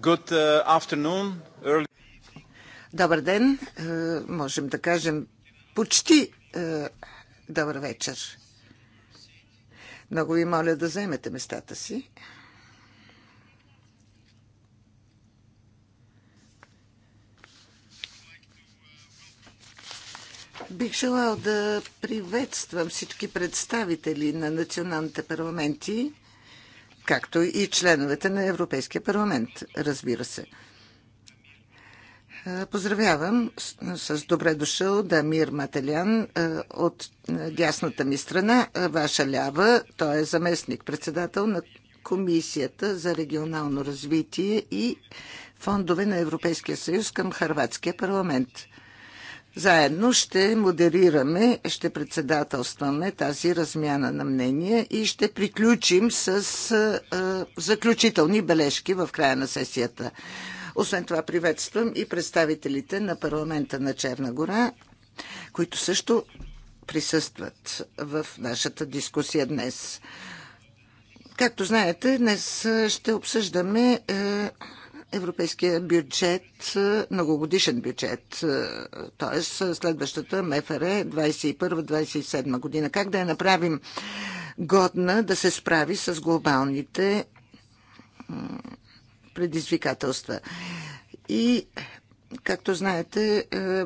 Good uh, afternoon. Early... Добър ден, е, можем да кажем почти е, добър вечер. Много ви моля да заемете местата си. Бих желал да приветствам всички представители на националните парламенти както и членовете на Европейския парламент, разбира се. Поздравявам с добре дошъл Дамир Мателян от дясната ми страна, ваша лява. Той е заместник председател на Комисията за регионално развитие и фондове на Европейския съюз към Харватския парламент. Заедно ще модерираме, ще председателстваме тази размяна на мнения и ще приключим с заключителни бележки в края на сесията. Освен това приветствам и представителите на парламента на Черна гора, които също присъстват в нашата дискусия днес. Както знаете, днес ще обсъждаме е, европейския бюджет, е, многогодишен бюджет, т.е. Е, следващата МФР 21-27 е година. Как да я направим годна да се справи с глобалните предизвикателства? И Както знаете,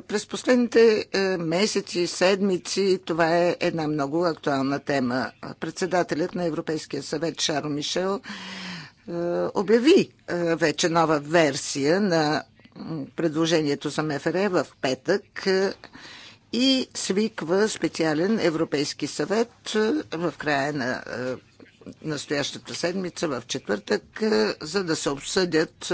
през последните месеци, седмици, това е една много актуална тема. Председателят на Европейския съвет Шаро Мишел е, обяви е, вече нова версия на предложението за МФР в петък е, и свиква специален Европейски съвет в края на настоящата седмица, в четвъртък, за да се обсъдят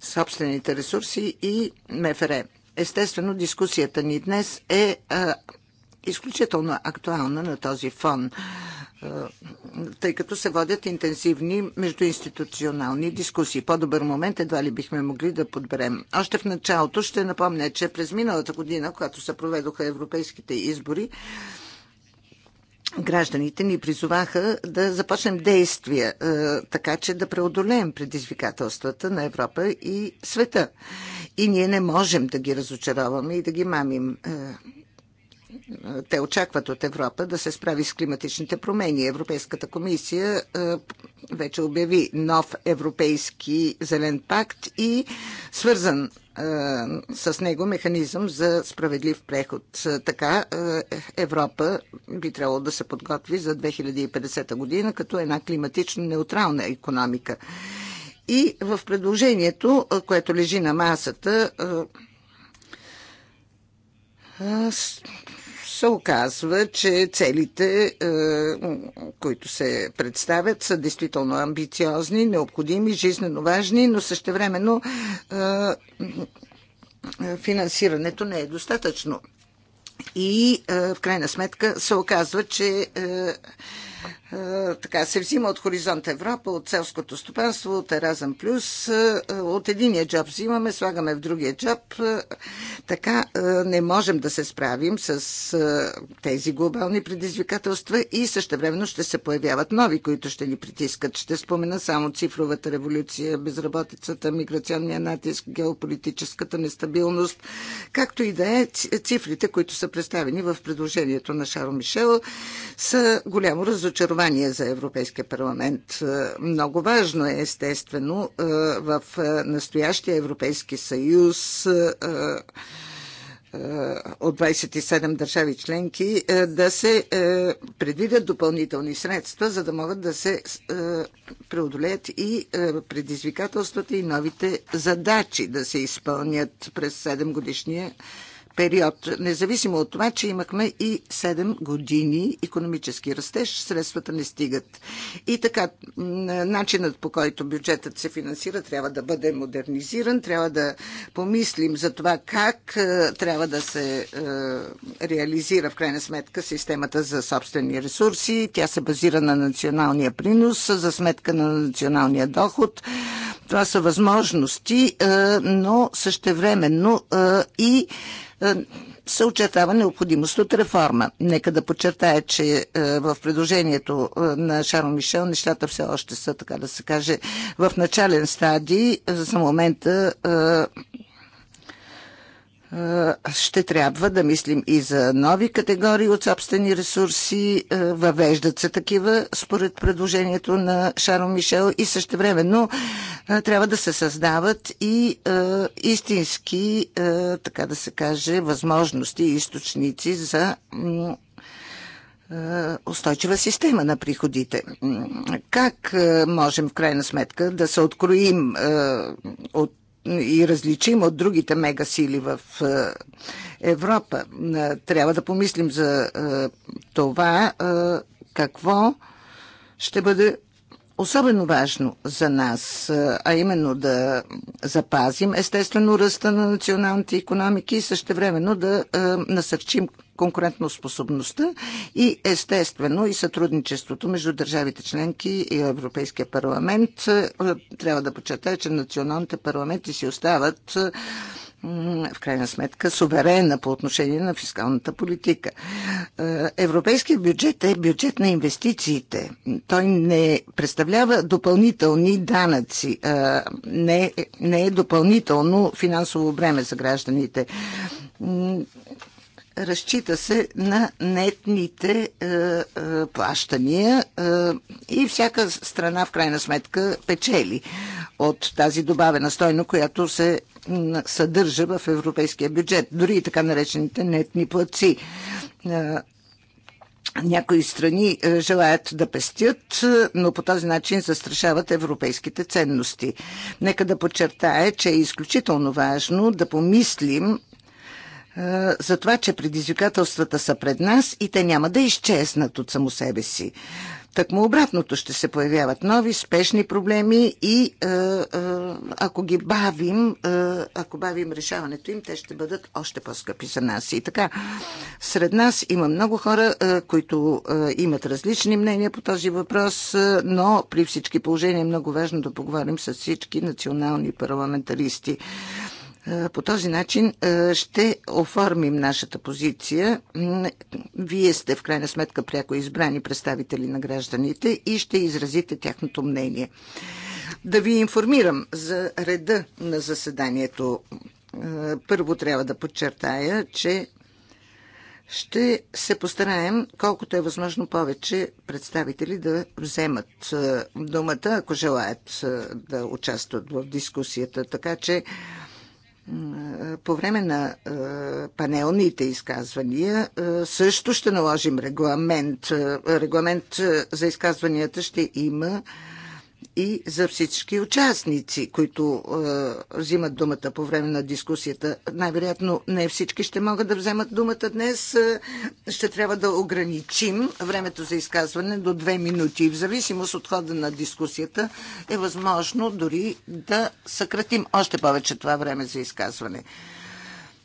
собствените ресурси и МФР. Естествено, дискусията ни днес е изключително актуална на този фон тъй като се водят интенсивни междуинституционални дискусии. По-добър момент едва ли бихме могли да подберем. Още в началото ще напомня, че през миналата година, когато се проведоха европейските избори, гражданите ни призоваха да започнем действия, е, така че да преодолеем предизвикателствата на Европа и света. И ние не можем да ги разочароваме и да ги мамим. Е, те очакват от Европа да се справи с климатичните промени. Европейската комисия е, вече обяви нов европейски зелен пакт и свързан е, с него механизъм за справедлив преход. Е, така Европа би трябвало да се подготви за 2050 година като една климатично неутрална економика. И в предложението, което лежи на масата, се оказва, че целите, е, които се представят, са действително амбициозни, необходими, жизненно важни, но същевременно е, финансирането не е достатъчно. И е, в крайна сметка се оказва, че е, така се взима от Хоризонт Европа, от селското стопанство, от Еразъм Плюс. Е, от единия джоб взимаме, слагаме в другия джоб. Е, така не можем да се справим с тези глобални предизвикателства и същевременно ще се появяват нови, които ще ни притискат. Ще спомена само цифровата революция, безработицата, миграционния натиск, геополитическата нестабилност, както и да е цифрите, които са представени в предложението на Шаро Мишел, са голямо разочарование основание за Европейския парламент. Е, много важно е, естествено, е, в е, настоящия Европейски съюз от 27 държави членки да се предвидят допълнителни средства, за да могат да се преодолеят и предизвикателствата и новите задачи да се изпълнят през 7 годишния период, независимо от това, че имахме и 7 години економически растеж, средствата не стигат. И така, начинът по който бюджетът се финансира трябва да бъде модернизиран, трябва да помислим за това как е, трябва да се е, реализира в крайна сметка системата за собствени ресурси. Тя се базира на националния принос за сметка на националния доход. Това са възможности, е, но същевременно и е, се очертава необходимост от реформа. Нека да подчертая, че е, в предложението е, на Шарл Мишел нещата все още са, така да се каже, в начален стадий. За момента ще трябва да мислим и за нови категории от собствени ресурси. Въвеждат се такива според предложението на Шаро Мишел и същевременно трябва да се създават и истински, така да се каже, възможности и източници за устойчива система на приходите. Как можем в крайна сметка да се откроим от и различим от другите мегасили в е, Европа. Е, трябва да помислим за е, това какво ще бъде особено важно за нас, а именно да запазим естествено ръста на националните економики и същевременно да насърчим конкурентоспособността и естествено и сътрудничеството между държавите членки и Европейския парламент. Трябва да подчертая, че националните парламенти си остават в крайна сметка суверена по отношение на фискалната политика. Е, европейският бюджет е бюджет на инвестициите. Той не представлява допълнителни данъци, е, не, не е допълнително финансово бреме за гражданите. Разчита се на нетните е, е, плащания е, и всяка страна в крайна сметка печели от тази добавена стойност, която се съдържа в европейския бюджет, дори и така наречените нетни плаци. Някои страни е, желаят да пестят, е, но по този начин застрашават европейските ценности. Нека да подчертая, че е изключително важно да помислим е, за това, че предизвикателствата са пред нас и те няма да изчезнат от само себе си. Такмо обратното ще се появяват нови спешни проблеми и а, е, а, е, ако ги бавим, а, е, ако бавим решаването им, те ще бъдат още по-скъпи за нас. И така, сред нас има много хора, а, които а, имат различни мнения по този въпрос, а, но при всички положения е много важно да поговорим с всички национални парламентаристи. Е, по този начин е, ще оформим нашата позиция. Вие сте в крайна сметка пряко избрани представители на гражданите и ще изразите тяхното мнение. Да ви информирам за реда на заседанието. Е, първо трябва да подчертая, че ще се постараем, колкото е възможно повече представители да вземат думата, ако желаят да участват в дискусията. Така че по време на е, панелните изказвания е, също ще наложим регламент. Е, регламент за изказванията ще има и за всички участници, които е, взимат думата по време на дискусията. Най-вероятно не всички ще могат да вземат думата днес. Е, ще трябва да ограничим времето за изказване до две минути. В зависимост от хода на дискусията е възможно дори да съкратим още повече това време за изказване.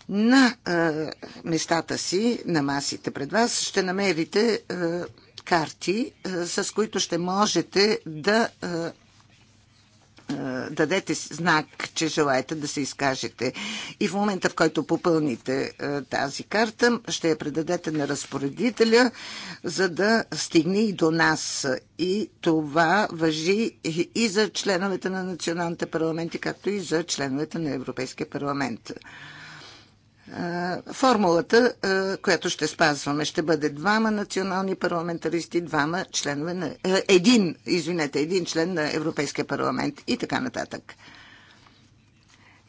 На е, местата си, на масите пред вас, ще намерите. Е, карти, е, с които ще можете да е, е, дадете знак, че желаете да се изкажете. И в момента, в който попълните е, тази карта, ще я предадете на разпоредителя, за да стигне и до нас. И това въжи и за членовете на националните парламенти, както и за членовете на Европейския парламент. Формулата, която ще спазваме, ще бъде двама национални парламентаристи, двама членове на... Е, един, извинете, един член на Европейския парламент и така нататък.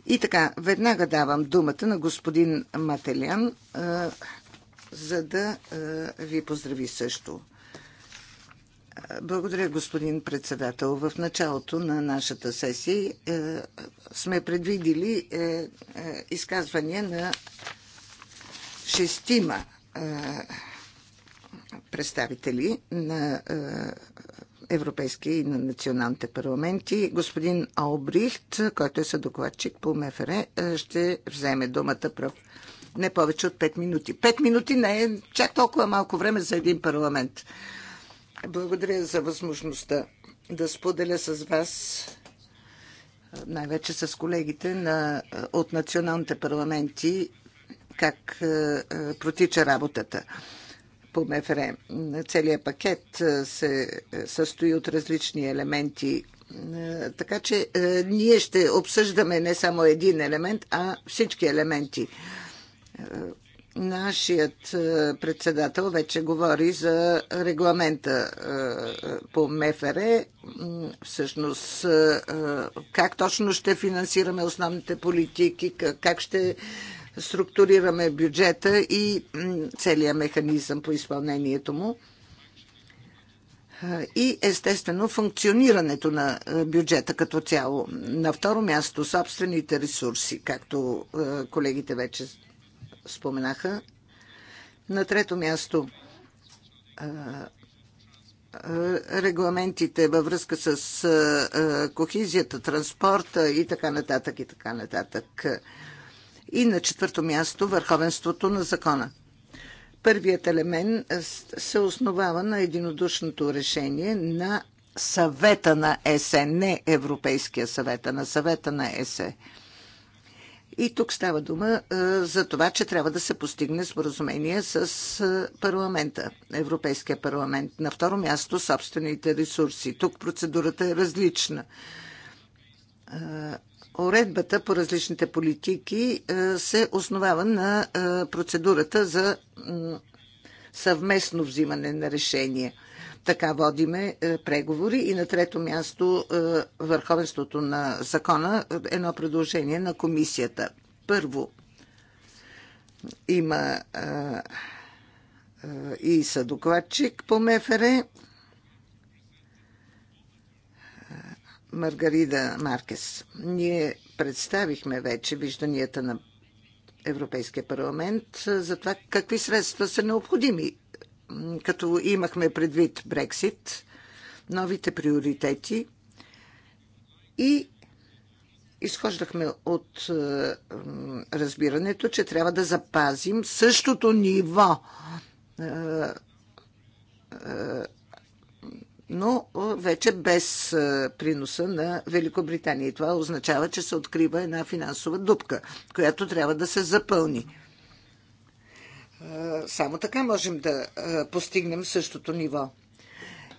И така, веднага давам думата на господин Мателян, за да ви поздрави също. Благодаря, господин председател. В началото на нашата сесия е, сме предвидили е, е, изказвания на шестима е, представители на е, и на националните парламенти. Господин Албрихт, който е съдокладчик по МФР, е, ще вземе думата прав. Не повече от 5 минути. 5 минути не е чак толкова малко време за един парламент. Благодаря за възможността да споделя с вас, най-вече с колегите на, от националните парламенти, как е, протича работата по МФР. Целият пакет е, се е, състои от различни елементи. Така че ние ще обсъждаме не само един елемент, а всички елементи Нашият е, председател вече говори за регламента е, по МФР. Всъщност, е, как точно ще финансираме основните политики, как ще структурираме бюджета и целият механизъм по изпълнението му. И естествено функционирането на бюджета като цяло. На второ място собствените ресурси, както колегите вече споменаха. На трето място регламентите във връзка с кохизията, транспорта и така нататък и така нататък. И на четвърто място върховенството на закона. Първият елемент се основава на единодушното решение на съвета на ЕСЕ, не Европейския съвет, а на съвета на ЕСЕ. И тук става дума за това, че трябва да се постигне споразумение с парламента, Европейския парламент. На второ място собствените ресурси. Тук процедурата е различна. Оредбата по различните политики се основава на процедурата за съвместно взимане на решения. Така водиме е, преговори. И на трето място е, върховенството на закона. Е, едно предложение на комисията. Първо, има и съдокладчик по МФР Маргарида Маркес. Ние представихме вече вижданията на Европейския парламент за това какви средства са необходими като имахме предвид Брексит, новите приоритети и изхождахме от е, разбирането, че трябва да запазим същото ниво е, е, но вече без приноса на Великобритания. И това означава, че се открива една финансова дупка, която трябва да се запълни. Само така можем да постигнем същото ниво.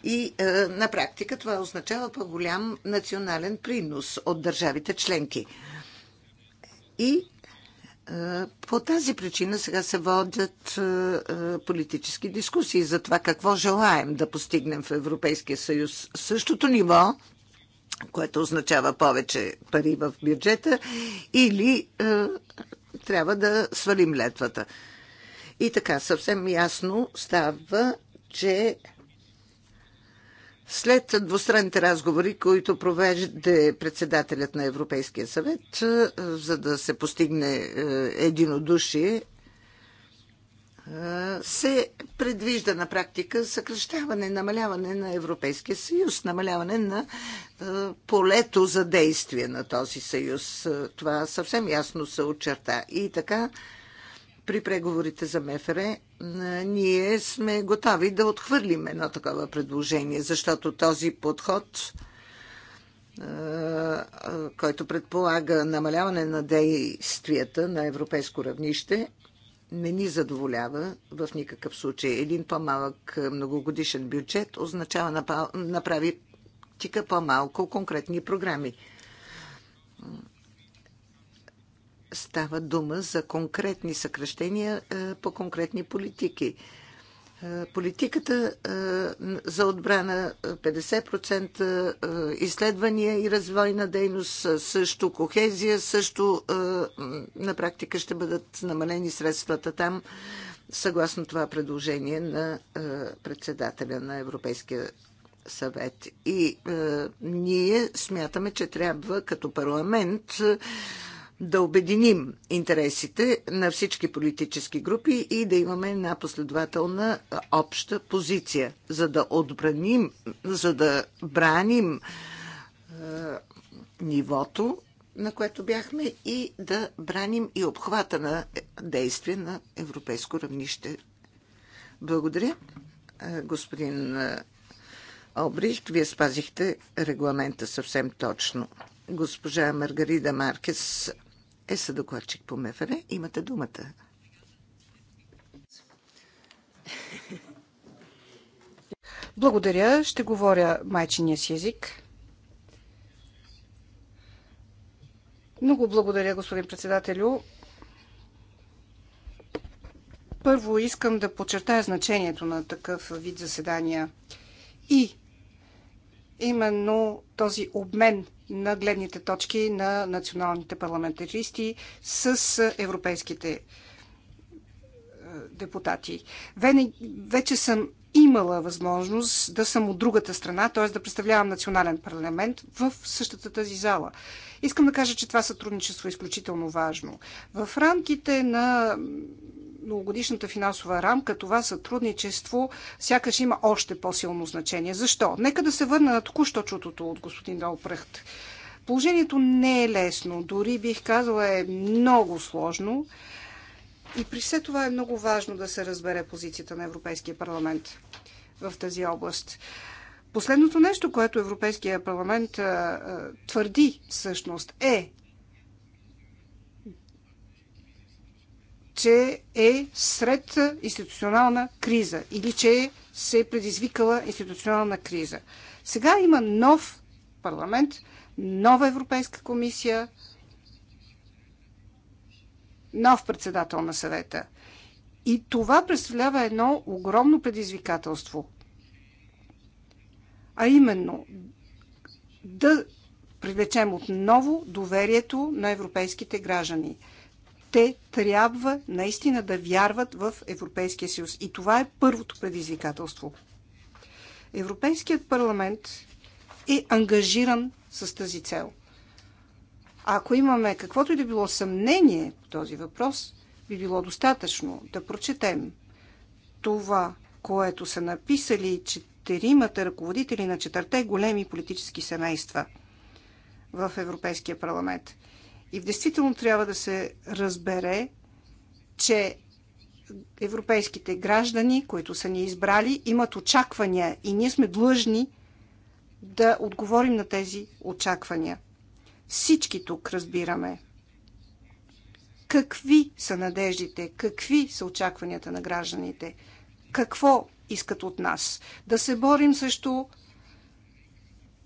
И на практика това означава по-голям национален принос от държавите членки. И по тази причина сега се водят политически дискусии за това какво желаем да постигнем в Европейския съюз. Същото ниво, което означава повече пари в бюджета, или трябва да свалим летвата. И така, съвсем ясно става, че след двустранните разговори, които провежда председателят на Европейския съвет, е, за да се постигне е, единодушие, е, се предвижда на практика съкръщаване, намаляване на Европейския съюз, намаляване на полето за действие на този съюз. Това съвсем ясно се очерта. И така при преговорите за МФР ние сме готови да отхвърлим едно такова предложение, защото този подход, който предполага намаляване на действията на европейско равнище, не ни задоволява в никакъв случай. Един по-малък многогодишен бюджет означава направи тика по-малко конкретни програми става дума за конкретни съкръщения е, по конкретни политики. Е, политиката е, за отбрана 50%, изследвания и развойна дейност също, кохезия също на практика ще бъдат намалени средствата там, съгласно това предложение на председателя на Европейския съвет. И ние смятаме, че трябва като парламент да обединим интересите на всички политически групи и да имаме една последователна обща позиция, за да отбраним, за да браним е, нивото, на което бяхме и да браним и обхвата на е, действие на европейско равнище. Благодаря, господин Обрищ. Вие спазихте регламента съвсем точно. Госпожа Маргарида Маркес е съдокладчик по МФР. Имате думата. Благодаря. Ще говоря майчиния си език. Много благодаря, господин председателю. Първо искам да подчертая значението на такъв вид заседания и именно този обмен на гледните точки на националните парламентаристи с европейските е, депутати. Вече съм имала възможност да съм от другата страна, т.е. да представлявам национален парламент в същата тази зала. Искам да кажа, че това сътрудничество е изключително важно. В рамките на многогодишната финансова рамка това сътрудничество сякаш има още по-силно значение. Защо? Нека да се върна на току-що чутото от господин Долпрехт. Положението не е лесно, дори бих казала е много сложно. И при все това е много важно да се разбере позицията на Европейския парламент в тази област. Последното нещо, което Европейския парламент а, а, твърди всъщност е, че е сред институционална криза или че се е предизвикала институционална криза. Сега има нов парламент, нова Европейска комисия, нов председател на съвета. И това представлява едно огромно предизвикателство. А именно да привлечем отново доверието на европейските граждани – те трябва наистина да вярват в Европейския съюз. И това е първото предизвикателство. Европейският парламент е ангажиран с тази цел. А ако имаме каквото и да било съмнение по този въпрос, би било достатъчно да прочетем това, което са написали четиримата ръководители на четвърте големи политически семейства в Европейския парламент – и в действително трябва да се разбере, че европейските граждани, които са ни избрали, имат очаквания и ние сме длъжни да отговорим на тези очаквания. Всички тук разбираме какви са надеждите, какви са очакванията на гражданите, какво искат от нас. Да се борим срещу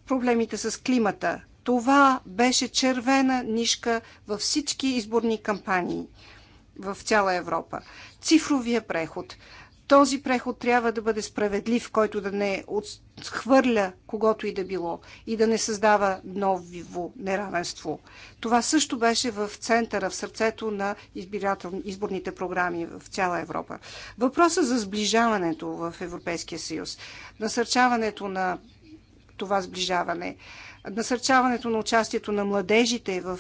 проблемите с климата, това беше червена нишка във всички изборни кампании в цяла Европа. Цифровия преход. Този преход трябва да бъде справедлив, който да не отхвърля когото и да било и да не създава ново неравенство. Това също беше в центъра, в сърцето на изборните програми в цяла Европа. Въпросът за сближаването в Европейския съюз, насърчаването на това сближаване, насърчаването на участието на младежите в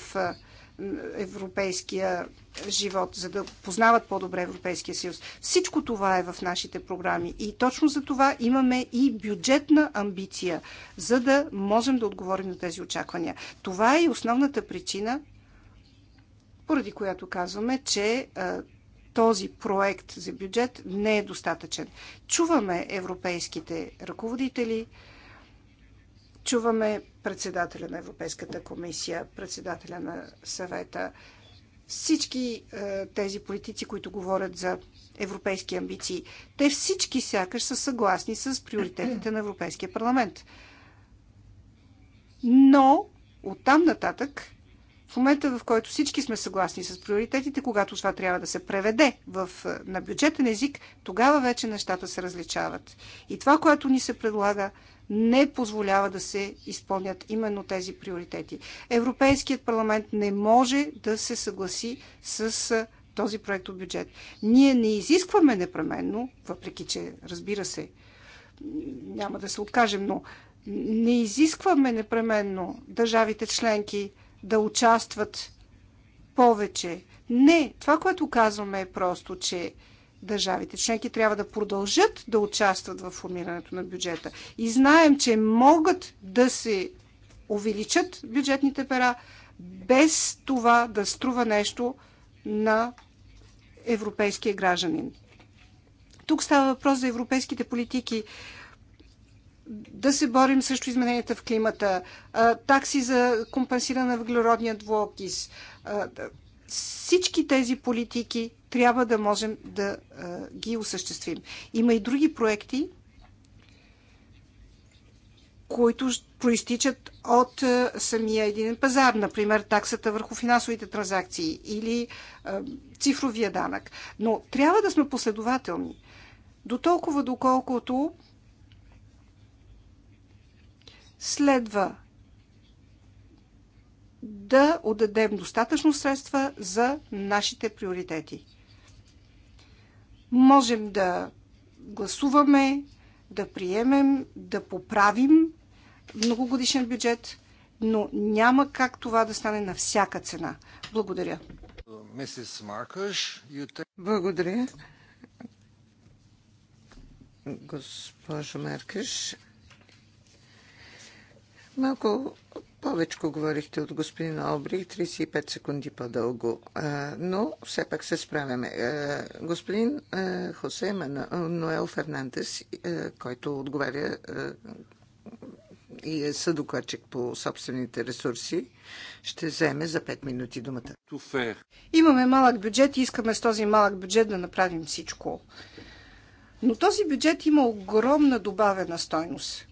европейския живот, за да познават по-добре Европейския съюз. Всичко това е в нашите програми и точно за това имаме и бюджетна амбиция, за да можем да отговорим на тези очаквания. Това е и основната причина, поради която казваме, че този проект за бюджет не е достатъчен. Чуваме европейските ръководители, чуваме председателя на Европейската комисия, председателя на съвета, всички е, тези политици, които говорят за европейски амбиции, те всички сякаш са съгласни с приоритетите на Европейския парламент. Но оттам нататък, в момента в който всички сме съгласни с приоритетите, когато това трябва да се преведе в, е, на бюджетен език, тогава вече нещата се различават. И това, което ни се предлага, не позволява да се изпълнят именно тези приоритети. Европейският парламент не може да се съгласи с този проект от бюджет. Ние не изискваме непременно, въпреки че, разбира се, няма да се откажем, но не изискваме непременно държавите членки да участват повече. Не, това, което казваме е просто, че държавите членки трябва да продължат да участват в формирането на бюджета. И знаем, че могат да се увеличат бюджетните пера без това да струва нещо на европейския гражданин. Тук става въпрос за европейските политики. Да се борим срещу измененията в климата, такси за компенсиране на въглеродния двуокис. Всички тези политики трябва да можем да ги осъществим. Има и други проекти, които проистичат от самия един пазар, например таксата върху финансовите транзакции или цифровия данък. Но трябва да сме последователни. До толкова доколкото следва да отдадем достатъчно средства за нашите приоритети можем да гласуваме, да приемем, да поправим многогодишен бюджет, но няма как това да стане на всяка цена. Благодаря. Благодаря. Госпожо Меркеш, малко Повечко говорихте от господин Обрих, 35 секунди по-дълго, но все пак се справяме. Господин Хосе Ноел Фернандес, който отговаря и е съдокладчик по собствените ресурси, ще вземе за 5 минути думата. Имаме малък бюджет и искаме с този малък бюджет да направим всичко. Но този бюджет има огромна добавена стойност.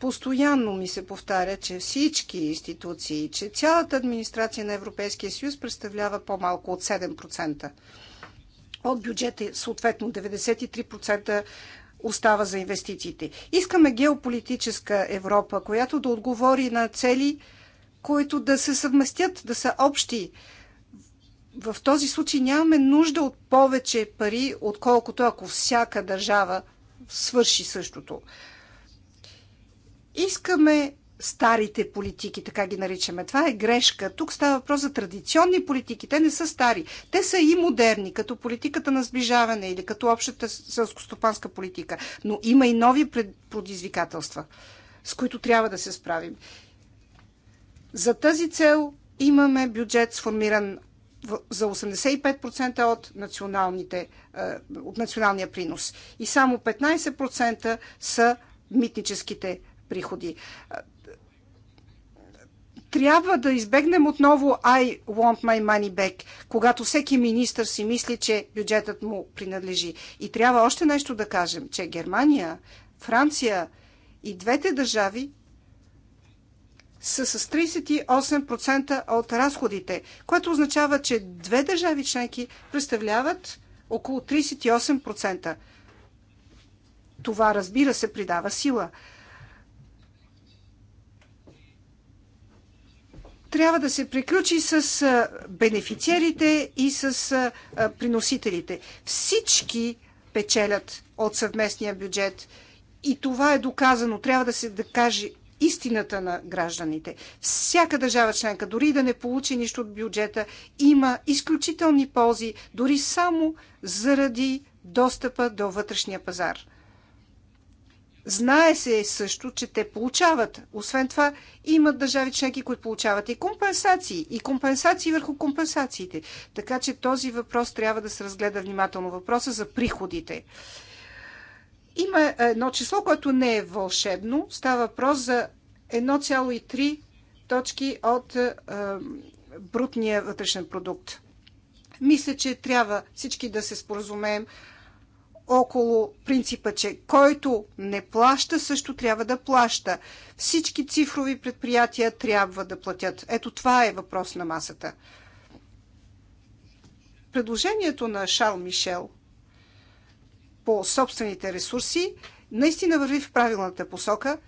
Постоянно ми се повтаря, че всички институции, че цялата администрация на Европейския съюз представлява по-малко от 7%. От бюджета, съответно, 93% остава за инвестициите. Искаме геополитическа Европа, която да отговори на цели, които да се съвместят, да са общи. В този случай нямаме нужда от повече пари, отколкото ако всяка държава свърши същото искаме старите политики, така ги наричаме. Това е грешка. Тук става въпрос за традиционни политики. Те не са стари. Те са и модерни, като политиката на сближаване или като общата селско-стопанска политика. Но има и нови предизвикателства, с които трябва да се справим. За тази цел имаме бюджет сформиран за 85% от, националните, е, от националния принос. И само 15% са митническите приходи. Трябва да избегнем отново I want my money back, когато всеки министр си мисли, че бюджетът му принадлежи. И трябва още нещо да кажем, че Германия, Франция и двете държави са с 38% от разходите, което означава, че две държави членки представляват около 38%. Това, разбира се, придава сила. трябва да се приключи с бенефициерите и с приносителите. Всички печелят от съвместния бюджет и това е доказано. Трябва да се да каже истината на гражданите. Всяка държава членка, дори да не получи нищо от бюджета, има изключителни ползи, дори само заради достъпа до вътрешния пазар. Знае се също, че те получават. Освен това, имат държави членки, които получават и компенсации, и компенсации върху компенсациите. Така че този въпрос трябва да се разгледа внимателно. Въпроса за приходите. Има едно число, което не е вълшебно. Става въпрос за 1,3 точки от е, брутния вътрешен продукт. Мисля, че трябва всички да се споразумеем около принципа, че който не плаща, също трябва да плаща. Всички цифрови предприятия трябва да платят. Ето това е въпрос на масата. Предложението на Шал Мишел по собствените ресурси наистина върви в правилната посока,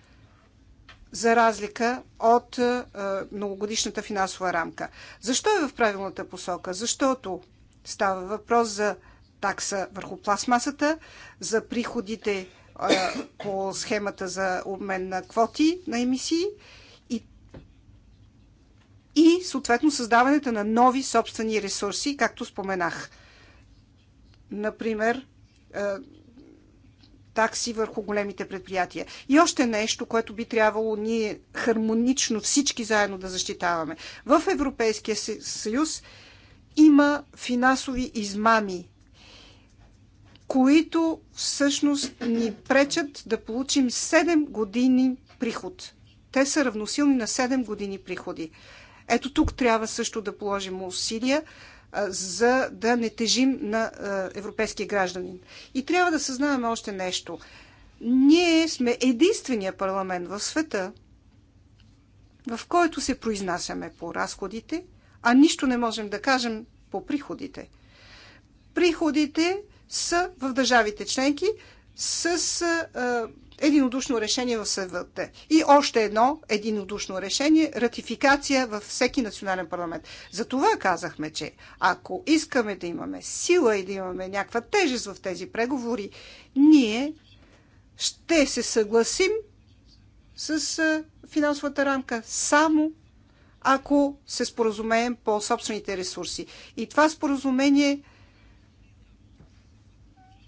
за разлика от е, многогодишната финансова рамка. Защо е в правилната посока? Защото става въпрос за такса върху пластмасата, за приходите по схемата за обмен на квоти на емисии и, и съответно създаването на нови собствени ресурси, както споменах. Например, такси върху големите предприятия. И още нещо, което би трябвало ние хармонично всички заедно да защитаваме. В Европейския съюз има финансови измами които всъщност ни пречат да получим 7 години приход. Те са равносилни на 7 години приходи. Ето тук трябва също да положим усилия, за да не тежим на европейския гражданин. И трябва да съзнаваме още нещо. Ние сме единствения парламент в света, в който се произнасяме по разходите, а нищо не можем да кажем по приходите. Приходите са в държавите членки с а, единодушно решение в СВТ. И още едно единодушно решение ратификация във всеки национален парламент. За това казахме, че ако искаме да имаме сила и да имаме някаква тежест в тези преговори, ние ще се съгласим с а, финансовата рамка само ако се споразумеем по собствените ресурси. И това споразумение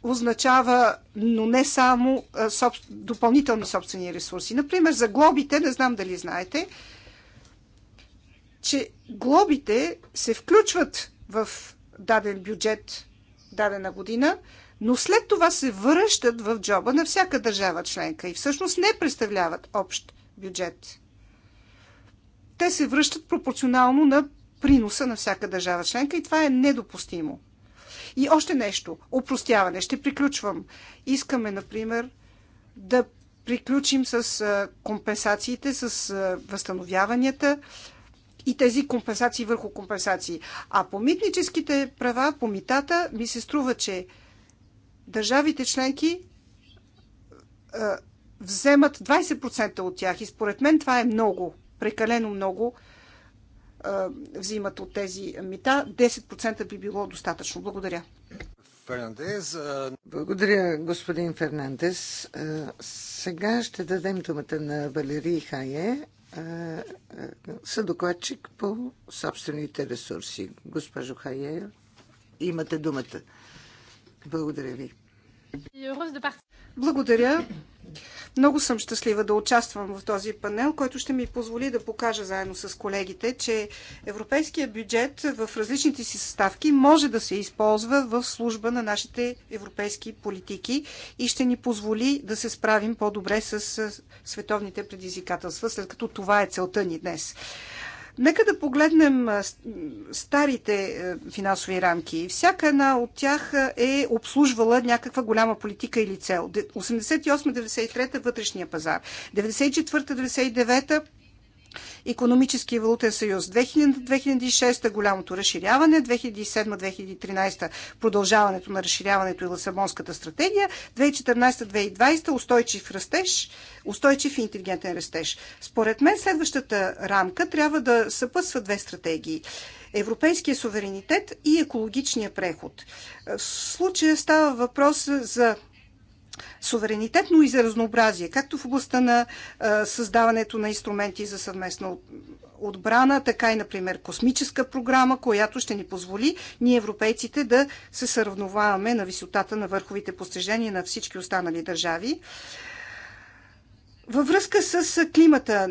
означава, но не само соб... допълнителни собствени ресурси. Например, за глобите, не знам дали знаете, че глобите се включват в даден бюджет дадена година, но след това се връщат в джоба на всяка държава членка и всъщност не представляват общ бюджет. Те се връщат пропорционално на приноса на всяка държава членка и това е недопустимо. И още нещо. Опростяване. Ще приключвам. Искаме, например, да приключим с компенсациите, с възстановяванията и тези компенсации върху компенсации. А по митническите права, по митата, ми се струва, че държавите членки вземат 20% от тях. И според мен това е много, прекалено много взимат от тези мита. 10% би било достатъчно. Благодаря. Фернандес. Благодаря, господин Фернандес. Сега ще дадем думата на Валерий Хае, съдокладчик по собствените ресурси. Госпожо Хае, имате думата. Благодаря ви. Благодаря. Много съм щастлива да участвам в този панел, който ще ми позволи да покажа заедно с колегите, че европейския бюджет в различните си съставки може да се използва в служба на нашите европейски политики и ще ни позволи да се справим по-добре с световните предизвикателства, след като това е целта ни днес. Нека да погледнем старите е, финансови рамки. Всяка една от тях е, е обслужвала някаква голяма политика или цел. 88-93 вътрешния пазар, 94-99 економически и валутен съюз. 2000-2006 голямото разширяване, 2007-2013 продължаването на разширяването и Лисабонската стратегия, 2014-2020 устойчив растеж, устойчив и интелигентен растеж. Според мен следващата рамка трябва да съпътства две стратегии европейския суверенитет и екологичния преход. В случая става въпрос за суверенитет, но и за разнообразие, както в областта на създаването на инструменти за съвместна отбрана, така и, например, космическа програма, която ще ни позволи ние, европейците, да се сравноваваме на висотата на върховите постижения на всички останали държави. Във връзка с климата,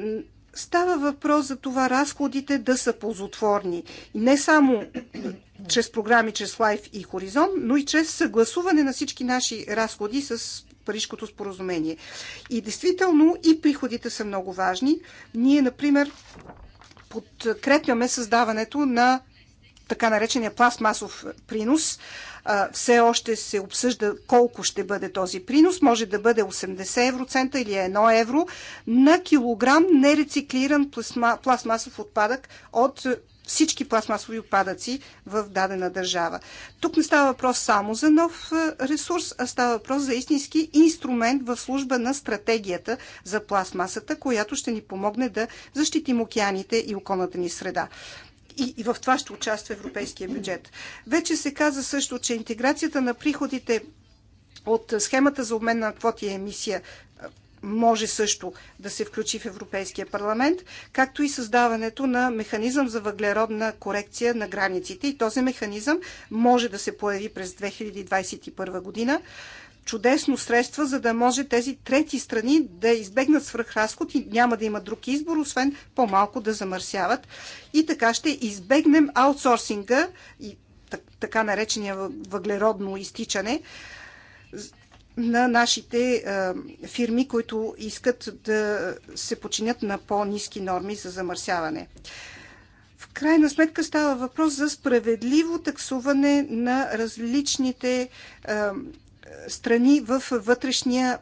става въпрос за това разходите да са ползотворни. не само чрез програми, чрез Лайф и Хоризонт, но и чрез съгласуване на всички наши разходи с Парижкото споразумение. И действително и приходите са много важни. Ние, например, подкрепяме създаването на така наречения пластмасов принос – все още се обсъжда колко ще бъде този принос. Може да бъде 80 евроцента или 1 евро на килограм нерециклиран пластмасов отпадък от всички пластмасови отпадъци в дадена държава. Тук не става въпрос само за нов ресурс, а става въпрос за истински инструмент в служба на стратегията за пластмасата, която ще ни помогне да защитим океаните и околната ни среда и, и в това ще участва европейския бюджет. Вече се каза също, че интеграцията на приходите от схемата за обмен на квоти и емисия може също да се включи в Европейския парламент, както и създаването на механизъм за въглеродна корекция на границите. И този механизъм може да се появи през 2021 година чудесно средство, за да може тези трети страни да избегнат свръхразход и няма да имат друг избор, освен по-малко да замърсяват. И така ще избегнем аутсорсинга и така наречения въглеродно изтичане на нашите фирми, които искат да се починят на по-низки норми за замърсяване. В крайна сметка става въпрос за справедливо таксуване на различните страни в вътрешния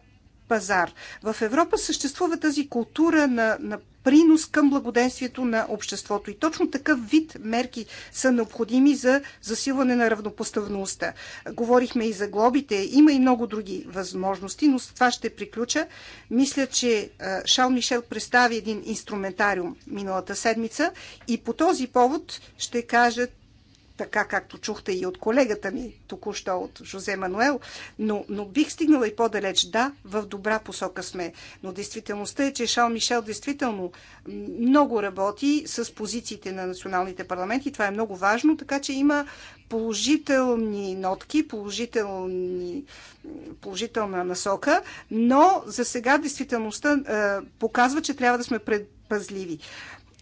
пазар. В Европа съществува тази култура на, на принос към благоденствието на обществото. И точно такъв вид мерки са необходими за засилване на равнопоставността. Говорихме и за глобите, има и много други възможности, но с това ще приключа. Мисля, че Шал Мишел представи един инструментариум миналата седмица и по този повод ще кажа, така както чухте и от колегата ми току-що от Жозе Мануел, но, но бих стигнала и по-далеч. Да, в добра посока сме, но действителността е, че Шал Мишел действително много работи с позициите на националните парламенти. Това е много важно, така че има положителни нотки, положителни, положителна насока, но за сега действителността е, показва, че трябва да сме предпазливи.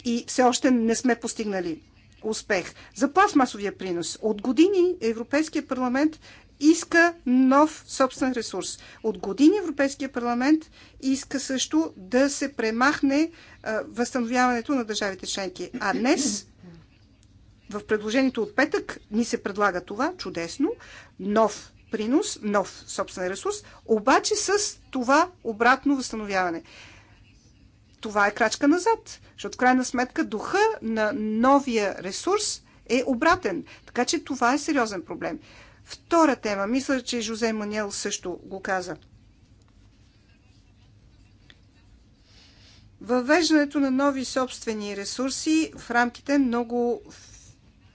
И все още не сме постигнали успех. За пластмасовия принос. От години Европейския парламент иска нов собствен ресурс. От години Европейския парламент иска също да се премахне а, възстановяването на държавите членки. А днес в предложението от петък ни се предлага това чудесно, нов принос, нов собствен ресурс, обаче с това обратно възстановяване това е крачка назад. Защото в крайна сметка духа на новия ресурс е обратен. Така че това е сериозен проблем. Втора тема, мисля, че Жозе Маниел също го каза. Въвеждането на нови собствени ресурси в рамките много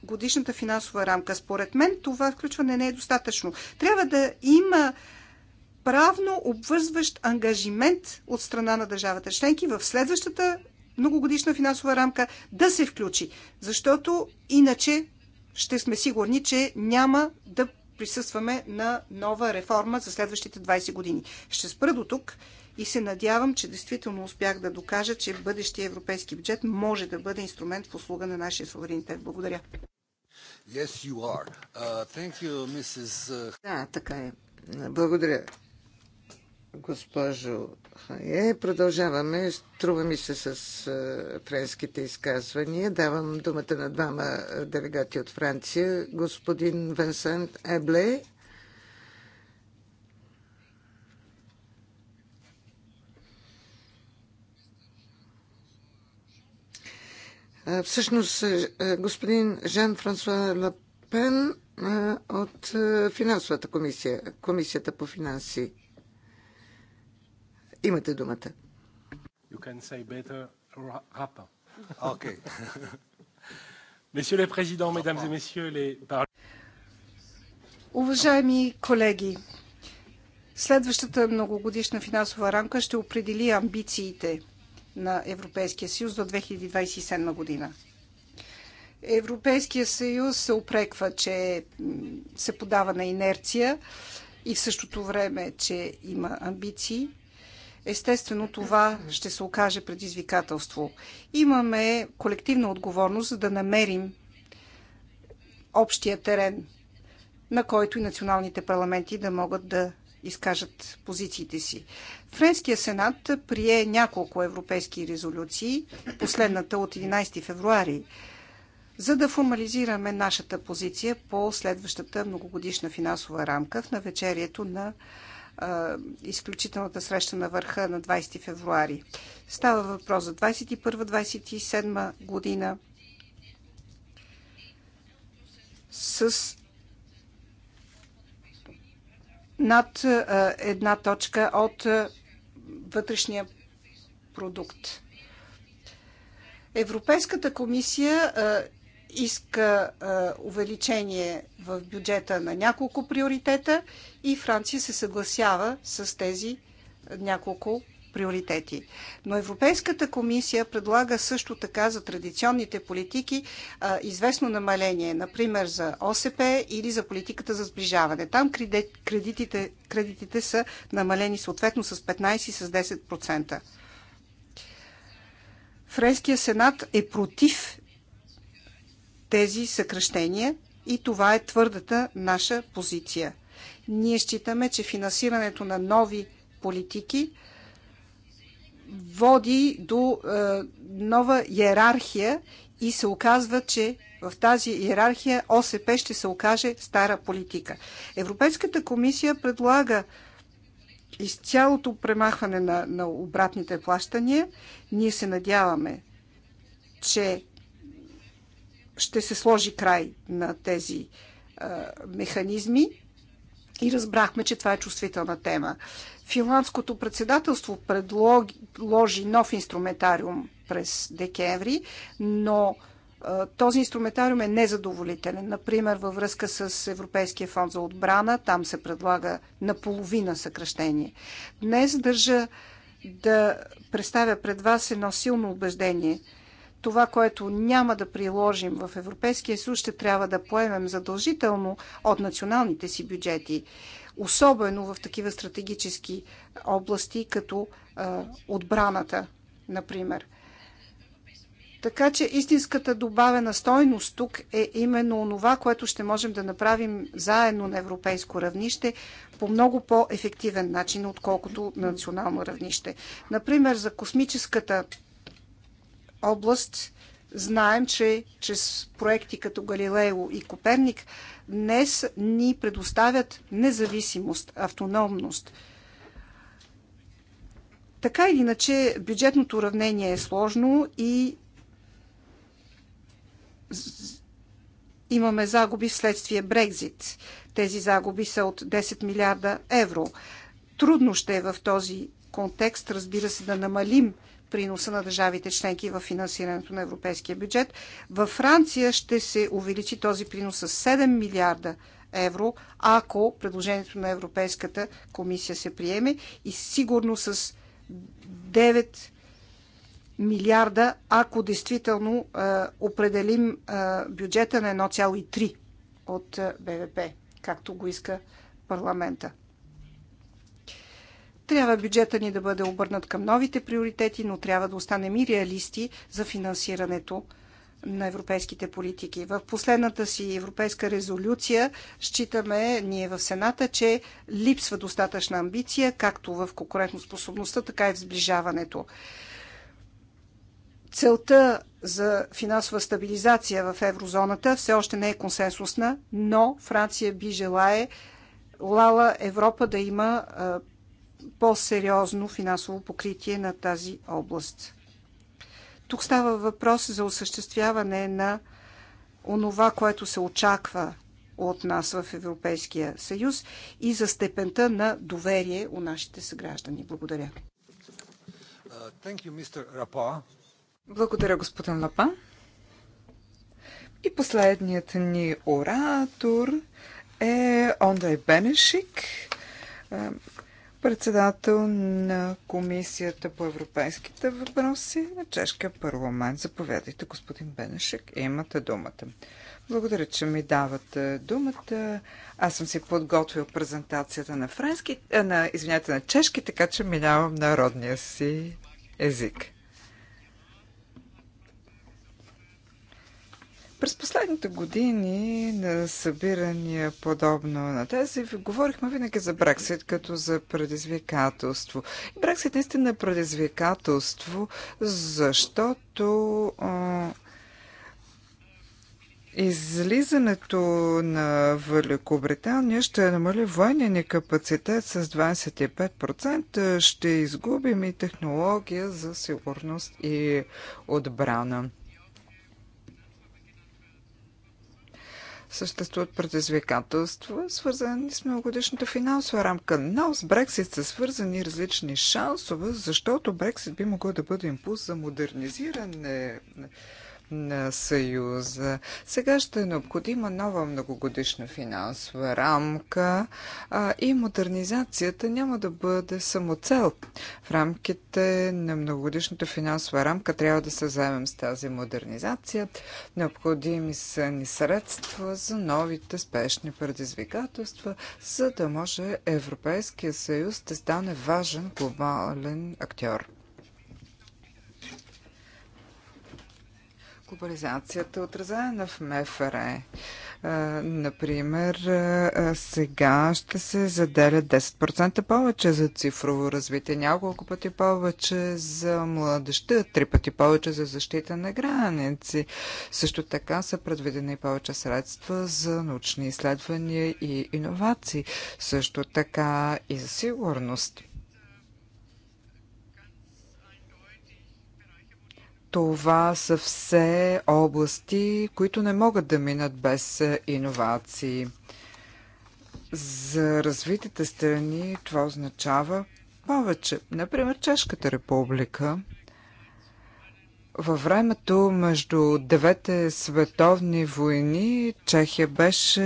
годишната финансова рамка. Според мен това включване не е достатъчно. Трябва да има правно обвързващ ангажимент от страна на държавата членки в следващата многогодишна финансова рамка да се включи. Защото иначе ще сме сигурни, че няма да присъстваме на нова реформа за следващите 20 години. Ще спра до тук и се надявам, че действително успях да докажа, че бъдещия европейски бюджет може да бъде инструмент в услуга на нашия суверенитет. Благодаря. Yes, you are. Uh, thank you, Mrs. Uh, да, така е. Благодаря, госпожо Хайе. Продължаваме. Струва ми се с е, френските изказвания. Давам думата на двама е, делегати от Франция. Господин Венсент Ебле. Е, всъщност, господин Жан-Франсуа Лапен от финансовата комисия, комисията по финанси. Имате думата. You can say better rapper. Okay. Monsieur le Président, Mesdames et Messieurs les Уважаеми колеги, следващата многогодишна финансова рамка ще определи амбициите на Европейския съюз до 2027 година. Европейския съюз се опреква, че се подава на инерция и в същото време, че има амбиции – естествено това ще се окаже предизвикателство. Имаме колективна отговорност за да намерим общия терен, на който и националните парламенти да могат да изкажат позициите си. Френския сенат прие няколко европейски резолюции, последната от 11 февруари, за да формализираме нашата позиция по следващата многогодишна финансова рамка в навечерието на изключителната среща на върха на 20 февруари. Става въпрос за 21-27 година с над една точка от вътрешния продукт. Европейската комисия иска увеличение в бюджета на няколко приоритета и Франция се съгласява с тези няколко приоритети. Но Европейската комисия предлага също така за традиционните политики а, известно намаление, например за ОСП или за политиката за сближаване. Там кредитите, кредитите са намалени съответно с 15 и с 10%. Френския сенат е против тези съкръщения и това е твърдата наша позиция. Ние считаме, че финансирането на нови политики води до е, нова иерархия и се оказва, че в тази иерархия ОСП ще се окаже стара политика. Европейската комисия предлага изцялото премахване на, на обратните плащания. Ние се надяваме, че ще се сложи край на тези механизми и разбрахме, че това е чувствителна тема. Финландското председателство предложи нов инструментариум през декември, но този инструментариум е незадоволителен. Например, във връзка с Европейския фонд за отбрана, там се предлага наполовина съкръщение. Днес държа да представя пред вас едно силно убеждение – това, което няма да приложим в Европейския съюз, ще трябва да поемем задължително от националните си бюджети, особено в такива стратегически области, като а, отбраната, например. Така че истинската добавена стойност тук е именно това, което ще можем да направим заедно на европейско равнище по много по-ефективен начин, отколкото на национално равнище. Например, за космическата област знаем, че чрез проекти като Галилео и Коперник днес ни предоставят независимост, автономност. Така или иначе, бюджетното уравнение е сложно и имаме загуби вследствие Брекзит. Тези загуби са от 10 милиарда евро. Трудно ще е в този контекст, разбира се, да намалим приноса на държавите членки в финансирането на европейския бюджет. Във Франция ще се увеличи този принос с 7 милиарда евро, ако предложението на Европейската комисия се приеме и сигурно с 9 милиарда, ако действително е, определим е, бюджета на 1,3 от е, БВП, както го иска парламента. Трябва бюджета ни да бъде обърнат към новите приоритети, но трябва да останем и реалисти за финансирането на европейските политики. В последната си европейска резолюция считаме ние в Сената, че липсва достатъчна амбиция, както в конкурентоспособността, така и в сближаването. Целта за финансова стабилизация в еврозоната все още не е консенсусна, но Франция би желае Лала Европа да има по-сериозно финансово покритие на тази област. Тук става въпрос за осъществяване на онова, което се очаква от нас в Европейския съюз и за степента на доверие у нашите съграждани. Благодаря. Благодаря, господин Лапа. И последният ни оратор е Ондай Бенешик, председател на Комисията по европейските въпроси на Чешкия парламент. Заповядайте, господин Бенешек, имате думата. Благодаря, че ми давате думата. Аз съм си подготвил презентацията на, френски, на, извинете, на чешки, така че минавам народния си език. През последните години на събирания подобно на тези говорихме винаги за Брексит като за предизвикателство. И Брексит наистина е предизвикателство, защото излизането на Великобритания ще намали военния ни капацитет с 25%, ще изгубим и технология за сигурност и отбрана. съществуват предизвикателства, свързани с многогодишната финансова рамка. Но с Брексит са свързани различни шансове, защото Брексит би могъл да бъде импулс за модернизиране на Съюза. Сега ще е необходима нова многогодишна финансова рамка а, и модернизацията няма да бъде самоцел. В рамките на многогодишната финансова рамка трябва да се заемем с тази модернизация. Необходими са ни средства за новите спешни предизвикателства, за да може Европейския съюз да стане важен глобален актьор. глобализацията е отразена в МФР. Е, например, е, е, сега ще се заделя 10% повече за цифрово развитие, няколко пъти повече за младеща, три пъти повече за защита на граници. Също така са предвидени повече средства за научни изследвания и иновации. Също така и за сигурност. Това са все области, които не могат да минат без е, иновации. За развитите страни това означава повече. Например, Чешката република във времето между девете световни войни Чехия беше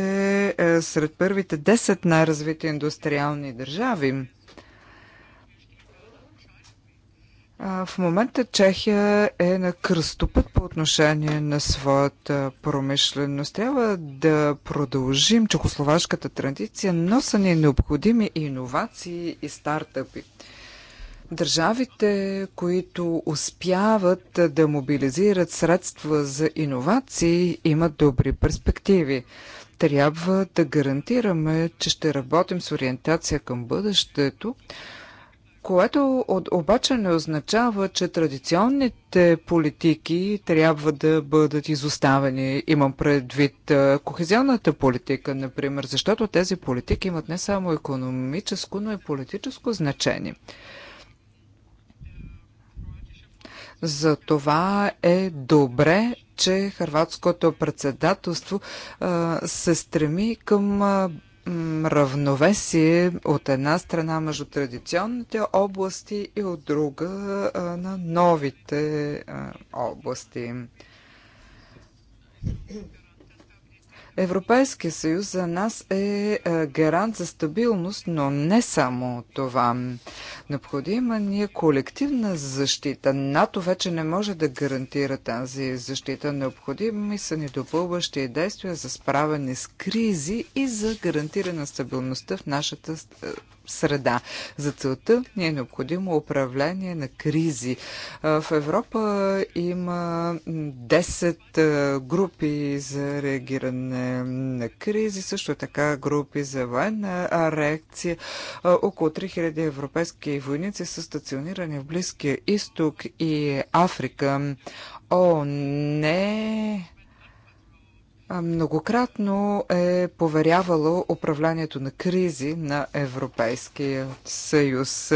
е, сред първите 10 най-развити индустриални държави. В момента Чехия е на кръстопът по отношение на своята промишленост. Трябва да продължим чехословашката традиция, но са ни необходими и иновации и стартъпи. Държавите, които успяват да мобилизират средства за иновации, имат добри перспективи. Трябва да гарантираме, че ще работим с ориентация към бъдещето, което обаче не означава, че традиционните политики трябва да бъдат изоставени. Имам предвид кохезионната политика, например, защото тези политики имат не само економическо, но и политическо значение. За това е добре, че Харватското председателство се стреми към равновесие от една страна между традиционните области и от друга на новите области. Европейския съюз за нас е, е гарант за стабилност, но не само това. Необходима ни е колективна защита. НАТО вече не може да гарантира тази защита. Необходими са ни допълващи действия за справяне с кризи и за гарантиране на стабилността в нашата е, среда. За целта ни е необходимо управление на кризи. В Европа има 10 групи за реагиране на кризи, също така групи за военна реакция. Около 3000 европейски войници са стационирани в Близкия изток и Африка. О, не! многократно е поверявало управлението на кризи на Европейския съюз.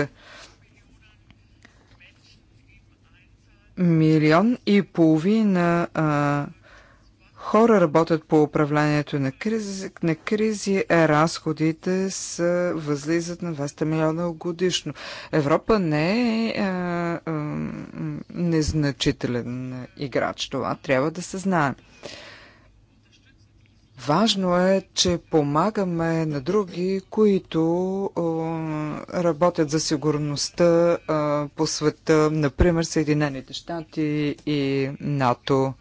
Милион и половина а, хора работят по управлението на кризи, на кризи е разходите са, възлизат на 200 милиона годишно. Европа не е а, а, незначителен играч. Това трябва да се знае. Важно е, че помагаме на други, които работят за сигурността по света, например Съединените щати и НАТО.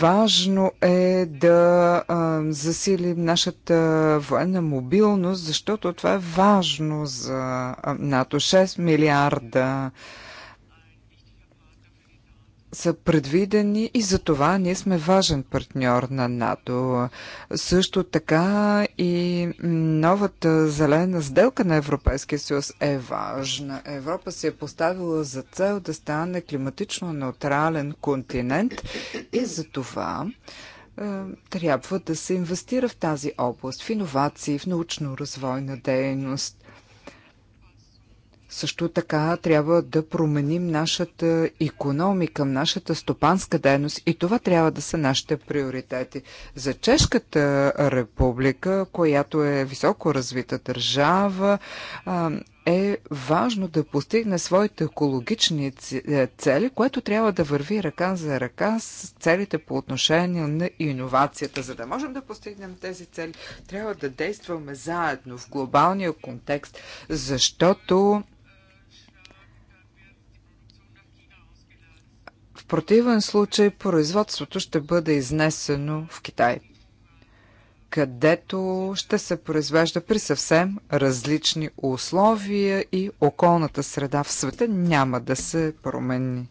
Важно е да а, засилим нашата военна мобилност, защото това е важно за НАТО. 6 милиарда а, са предвидени и за това ние сме важен партньор на НАТО. Също така и новата зелена сделка на Европейския съюз е важна. Европа се е поставила за цел да стане климатично неутрален континент и за това е, трябва да се инвестира в тази област, в иновации, в научно-развойна дейност. Също така трябва да променим нашата економика, нашата стопанска дейност и това трябва да са нашите приоритети. За Чешката република, която е високо развита държава, е важно да постигне своите екологични е, цели, което трябва да върви ръка за ръка с целите по отношение на иновацията. За да можем да постигнем тези цели, трябва да действаме заедно в глобалния контекст, защото противен случай производството ще бъде изнесено в Китай, където ще се произвежда при съвсем различни условия и околната среда в света няма да се промени.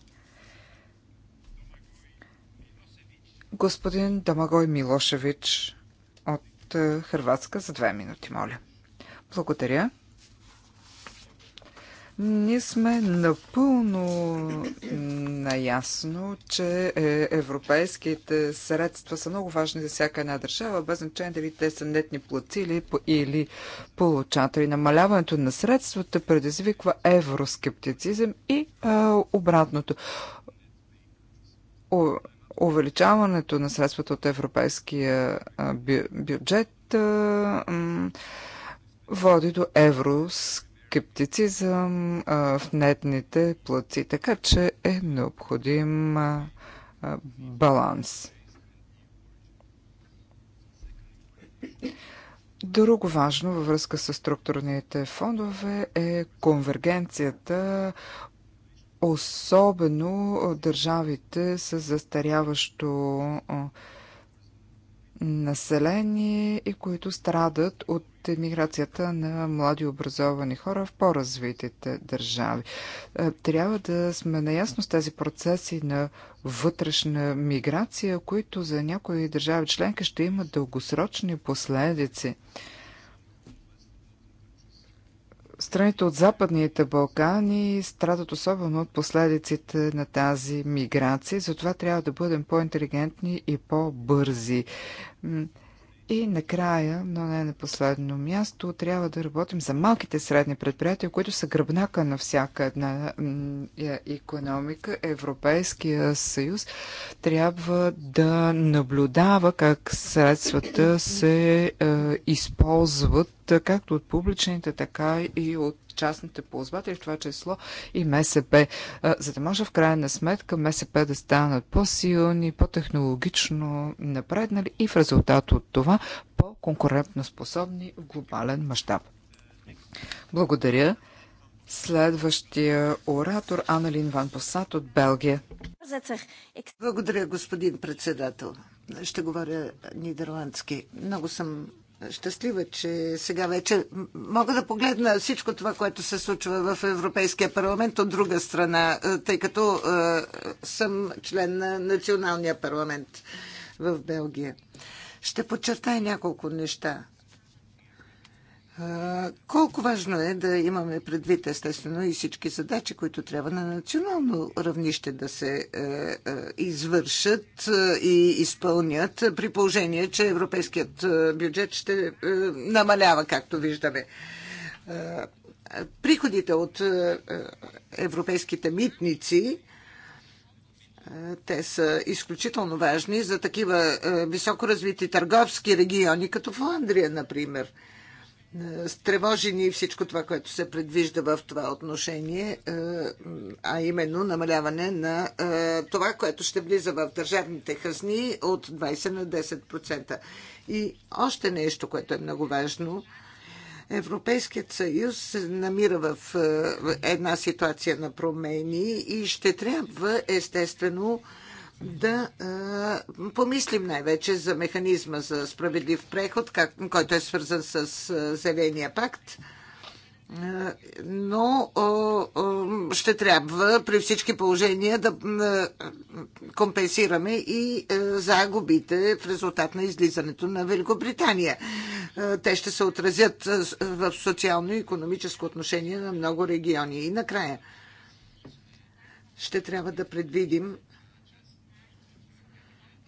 Господин Дамагой Милошевич от е, Хрватска за две минути, моля. Благодаря. Ние сме напълно наясно, че е, европейските средства са много важни за всяка една държава, без значение дали те са нетни платили или получатели. Намаляването на средствата предизвиква евроскептицизъм и а, обратното. увеличаването на средствата от европейския бюджет а, води до евроскептицизъм скептицизъм в нетните плаци, така че е необходим баланс. Друго важно във връзка с структурните фондове е конвергенцията, особено държавите с застаряващо население и които страдат от емиграцията на млади образовани хора в по-развитите държави. Е, трябва да сме наясно с тези процеси на вътрешна миграция, които за някои държави членки ще имат дългосрочни последици страните от Западните Балкани страдат особено от последиците на тази миграция, затова трябва да бъдем по-интелигентни и по-бързи. И накрая, но не на последно място, трябва да работим за малките средни предприятия, които са гръбнака на всяка една економика. Европейския съюз трябва да наблюдава как средствата се е, използват както от публичните, така и от частните ползватели, в това число и МСП, за да може в крайна сметка МСП да станат по-силни, по-технологично напреднали и в резултат от това по-конкурентно способни в глобален мащаб. Благодаря. Следващия оратор Аналин Ван Посат от Белгия. Благодаря, господин председател. Ще говоря нидерландски. Много съм щастлива, че сега вече мога да погледна всичко това, което се случва в Европейския парламент от друга страна, е, тъй като е, съм член на Националния парламент в Белгия. Ще подчертая няколко неща. Колко важно е да имаме предвид, естествено, и всички задачи, които трябва на национално равнище да се е, е, извършат е, и изпълнят, при положение, че европейският бюджет ще намалява, както виждаме. Приходите от европейските митници те са изключително важни за такива високоразвити търговски региони, като Фландрия, например – стревожени всичко това, което се предвижда в това отношение, е, а именно намаляване на е, това, което ще влиза в държавните хазни от 20 на 10%. И още нещо, което е много важно. Европейският съюз се намира в е, една ситуация на промени и ще трябва естествено да а, помислим най-вече за механизма за справедлив преход, как, който е свързан с а, Зеления пакт. но ще трябва при всички положения да компенсираме и загубите в резултат на излизането на Великобритания. те ще се отразят в социално-економическо и отношение на много региони. И накрая ще трябва да предвидим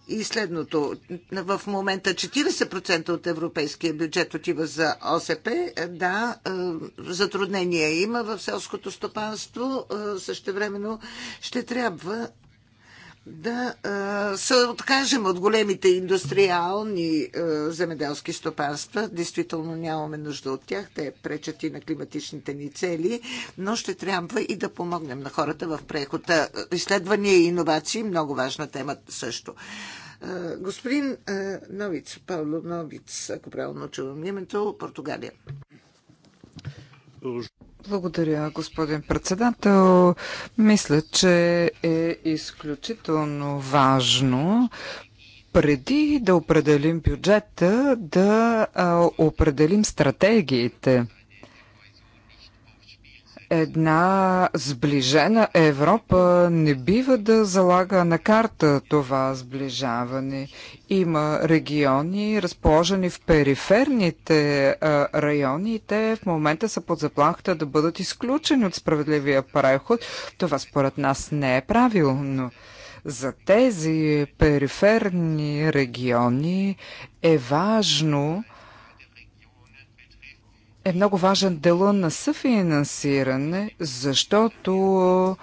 и следното. В момента 40% от европейския бюджет отива за ОСП. Да, е, затруднения има в селското стопанство. Е, същевременно ще трябва да се откажем от големите индустриални земеделски стопанства. Действително нямаме нужда от тях. Те пречат и на климатичните ни цели, но ще трябва и да помогнем на хората в прехода. Изследвания и иновации, много важна тема също. Господин Новиц, Павло Новиц, ако правилно чувам името, Португалия. Благодаря, господин председател. Мисля, че е изключително важно преди да определим бюджета, да а, определим стратегиите. Една сближена Европа не бива да залага на карта това сближаване. Има региони, разположени в периферните райони, и те в момента са под заплахата да бъдат изключени от справедливия преход. Това според нас не е правилно. За тези периферни региони е важно е много важен дела на съфинансиране, защото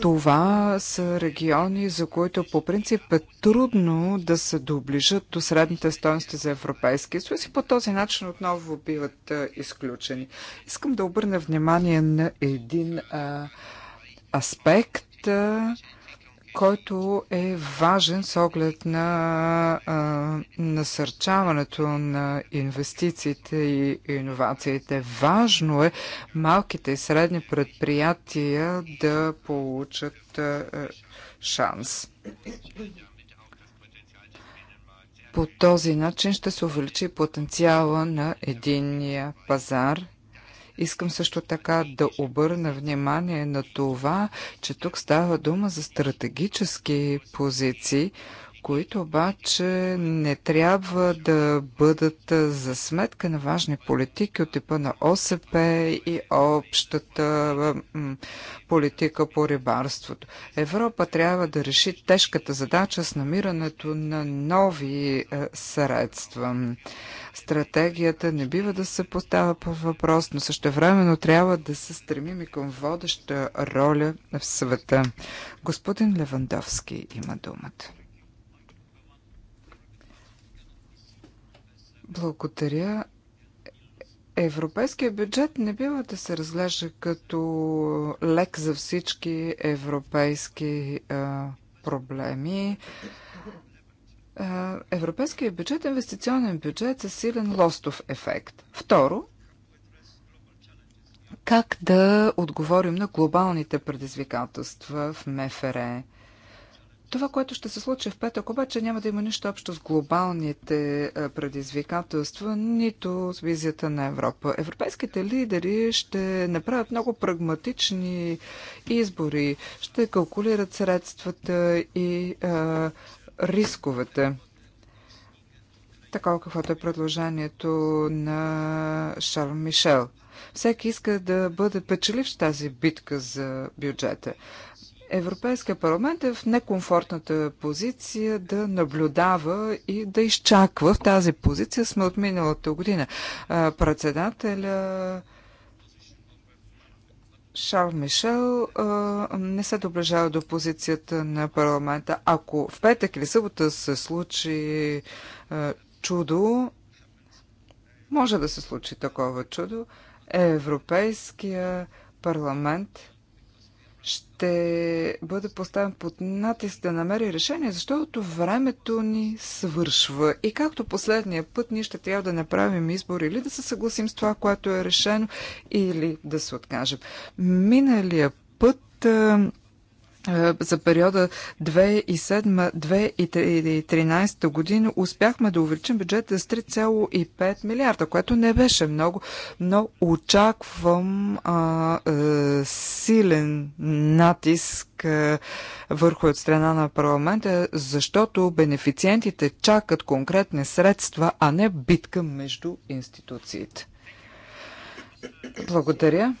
това са региони, за които по принцип е трудно да се доближат до средните стоености за Европейския съюз и по този начин отново биват изключени. Искам да обърна внимание на един а, аспект. А, който е важен с оглед на а, насърчаването на инвестициите и иновациите. Важно е малките и средни предприятия да получат а, шанс. По този начин ще се увеличи потенциала на единния пазар Искам също така да обърна внимание на това, че тук става дума за стратегически позиции, които обаче не трябва да бъдат за сметка на важни политики от типа на ОСП и общата политика по рибарството. Европа трябва да реши тежката задача с намирането на нови средства. Стратегията не бива да се поставя по въпрос, но същевременно трябва да се стремим и към водеща роля в света. Господин Левандовски има думата. Благодаря. Европейския бюджет не бива да се разглежда като лек за всички европейски а, проблеми. А, европейския бюджет, инвестиционен бюджет, е силен лостов ефект. Второ, как да отговорим на глобалните предизвикателства в МФР? Това, което ще се случи в петък, обаче няма да има нищо общо с глобалните предизвикателства, нито с визията на Европа. Европейските лидери ще направят много прагматични избори, ще калкулират средствата и а, рисковете. Такова каквото е предложението на Шарл Мишел. Всеки иска да бъде печелив в тази битка за бюджета. Европейския парламент е в некомфортната позиция да наблюдава и да изчаква. В тази позиция сме от миналата година. Председателя Шарл Мишел не се доближава до позицията на парламента. Ако в петък или събота се случи чудо, може да се случи такова чудо, Европейския парламент ще бъде поставен под натиск да намери решение, защото времето ни свършва. И както последния път, ние ще трябва да направим избор или да се съгласим с това, което е решено, или да се откажем. Миналия път е, за периода 2007-2013 година успяхме да увеличим бюджета с 3,5 милиарда, което не беше много, но очаквам а, а, е, силен натиск а, е, върху от страна на парламента, защото бенефициентите чакат конкретни средства, а не битка между институциите. Благодаря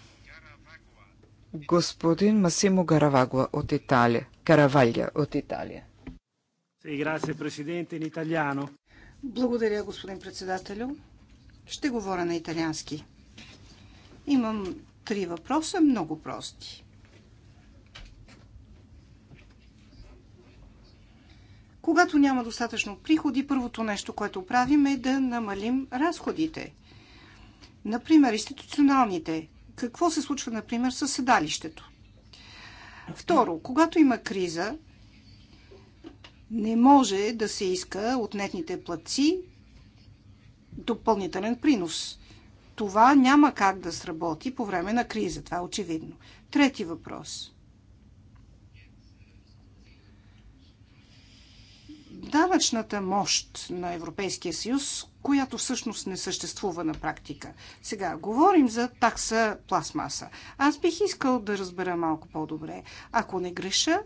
господин Масимо Гаравагла от Италия. Каравалия от Италия. Благодаря, господин председателю. Ще говоря на италиански. Имам три въпроса, много прости. Когато няма достатъчно приходи, първото нещо, което правим е да намалим разходите. Например, институционалните какво се случва, например, с седалището? Второ, когато има криза, не може да се иска от нетните платци допълнителен принос. Това няма как да сработи по време на криза. Това е очевидно. Трети въпрос. Давачната мощ на Европейския съюз която всъщност не съществува на практика. Сега, говорим за такса пластмаса. Аз бих искал да разбера малко по-добре. Ако не греша,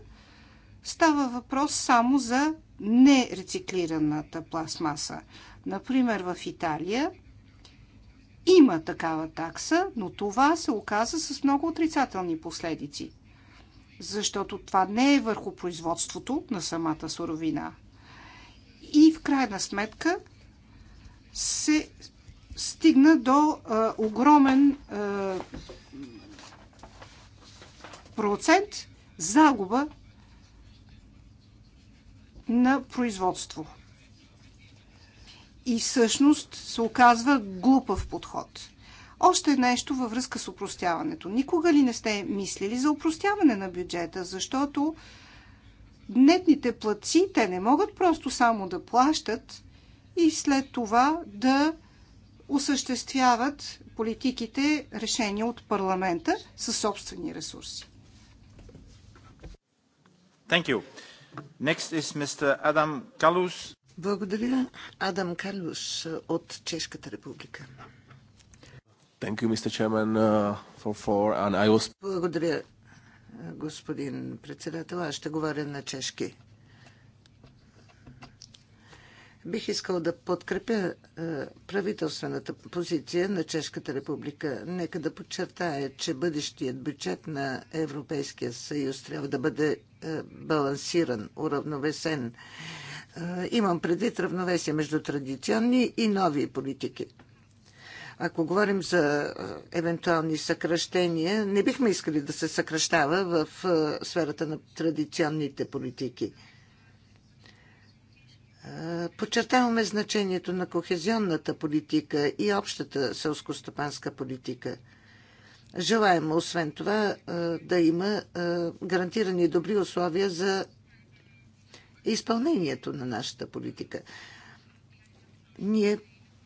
става въпрос само за нерециклираната пластмаса. Например, в Италия има такава такса, но това се оказа с много отрицателни последици. Защото това не е върху производството на самата суровина. И в крайна сметка се стигна до а, огромен а, процент загуба на производство. И всъщност се оказва глупав подход. Още нещо във връзка с упростяването. Никога ли не сте мислили за упростяване на бюджета, защото нетните платци, те не могат просто само да плащат, и след това да осъществяват политиките решения от парламента със собствени ресурси. Thank you. Next is Mr. Adam Kalus. Благодаря, Адам Калюш от Чешката република. Thank you, Mr. Chairman, uh, for for, and I was... Благодаря, господин председател. Аз ще говоря на чешки. Бих искал да подкрепя е, правителствената позиция на Чешката република. Нека да подчертая, че бъдещият бюджет на Европейския съюз трябва да бъде е, балансиран, уравновесен. Е, имам предвид равновесие между традиционни и нови политики. Ако говорим за евентуални съкръщения, не бихме искали да се съкръщава в сферата на традиционните политики – Подчертаваме значението на кохезионната политика и общата селскостопанска политика. Желаем, освен това, да има гарантирани добри условия за изпълнението на нашата политика. Ние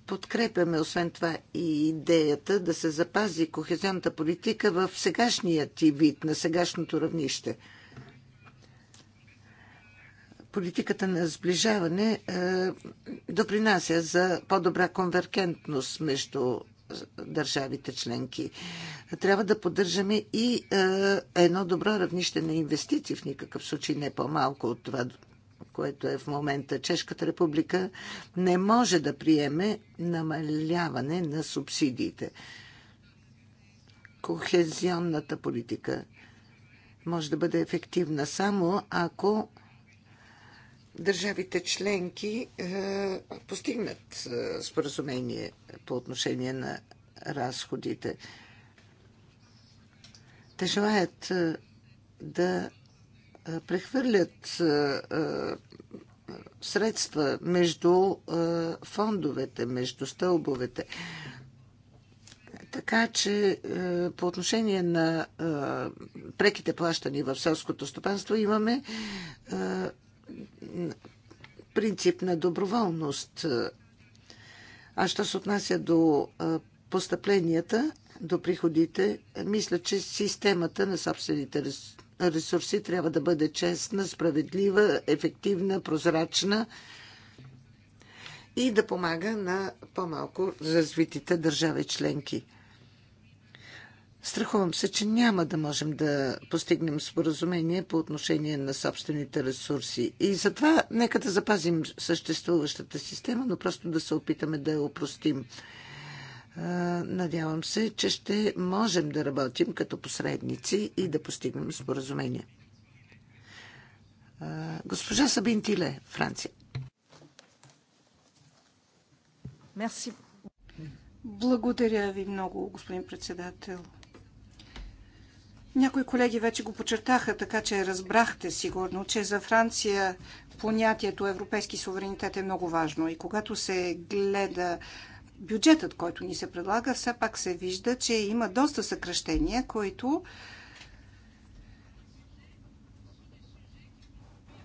подкрепяме, освен това, и идеята да се запази кохезионната политика в сегашния ти вид, на сегашното равнище – политиката на сближаване е, допринася за по-добра конвергентност между е, държавите членки. Трябва да поддържаме и е, едно добро равнище на инвестиции, в никакъв случай не по-малко от това, което е в момента. Чешката република не може да приеме намаляване на субсидиите. Кохезионната политика може да бъде ефективна само ако държавите членки е, постигнат е, споразумение по отношение на разходите. Те желаят е, да прехвърлят средства между фондовете, между стълбовете. Така че по отношение на преките плащания в селското стопанство имаме принцип на доброволност. А що се отнася до постъпленията, до приходите, мисля, че системата на собствените ресурси трябва да бъде честна, справедлива, ефективна, прозрачна и да помага на по-малко развитите държави членки. Страхувам се, че няма да можем да постигнем споразумение по отношение на собствените ресурси. И затова нека да запазим съществуващата система, но просто да се опитаме да я опростим. Надявам се, че ще можем да работим като посредници и да постигнем споразумение. Госпожа Сабин Тиле, Франция. Мерси. Благодаря ви много, господин председател. Някои колеги вече го почертаха, така че разбрахте сигурно, че за Франция понятието европейски суверенитет е много важно. И когато се гледа бюджетът, който ни се предлага, все пак се вижда, че има доста съкръщения, които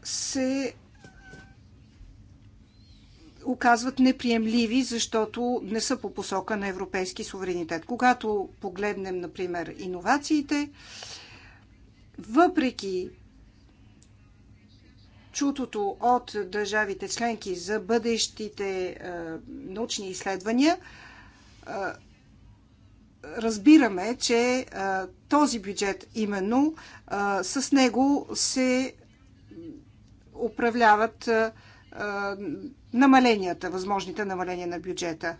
се оказват неприемливи, защото не са по посока на европейски суверенитет. Когато погледнем, например, иновациите, въпреки чутото от държавите членки за бъдещите е, научни изследвания, е, разбираме, че е, този бюджет именно е, с него се управляват е, намаленията, възможните намаления на бюджета.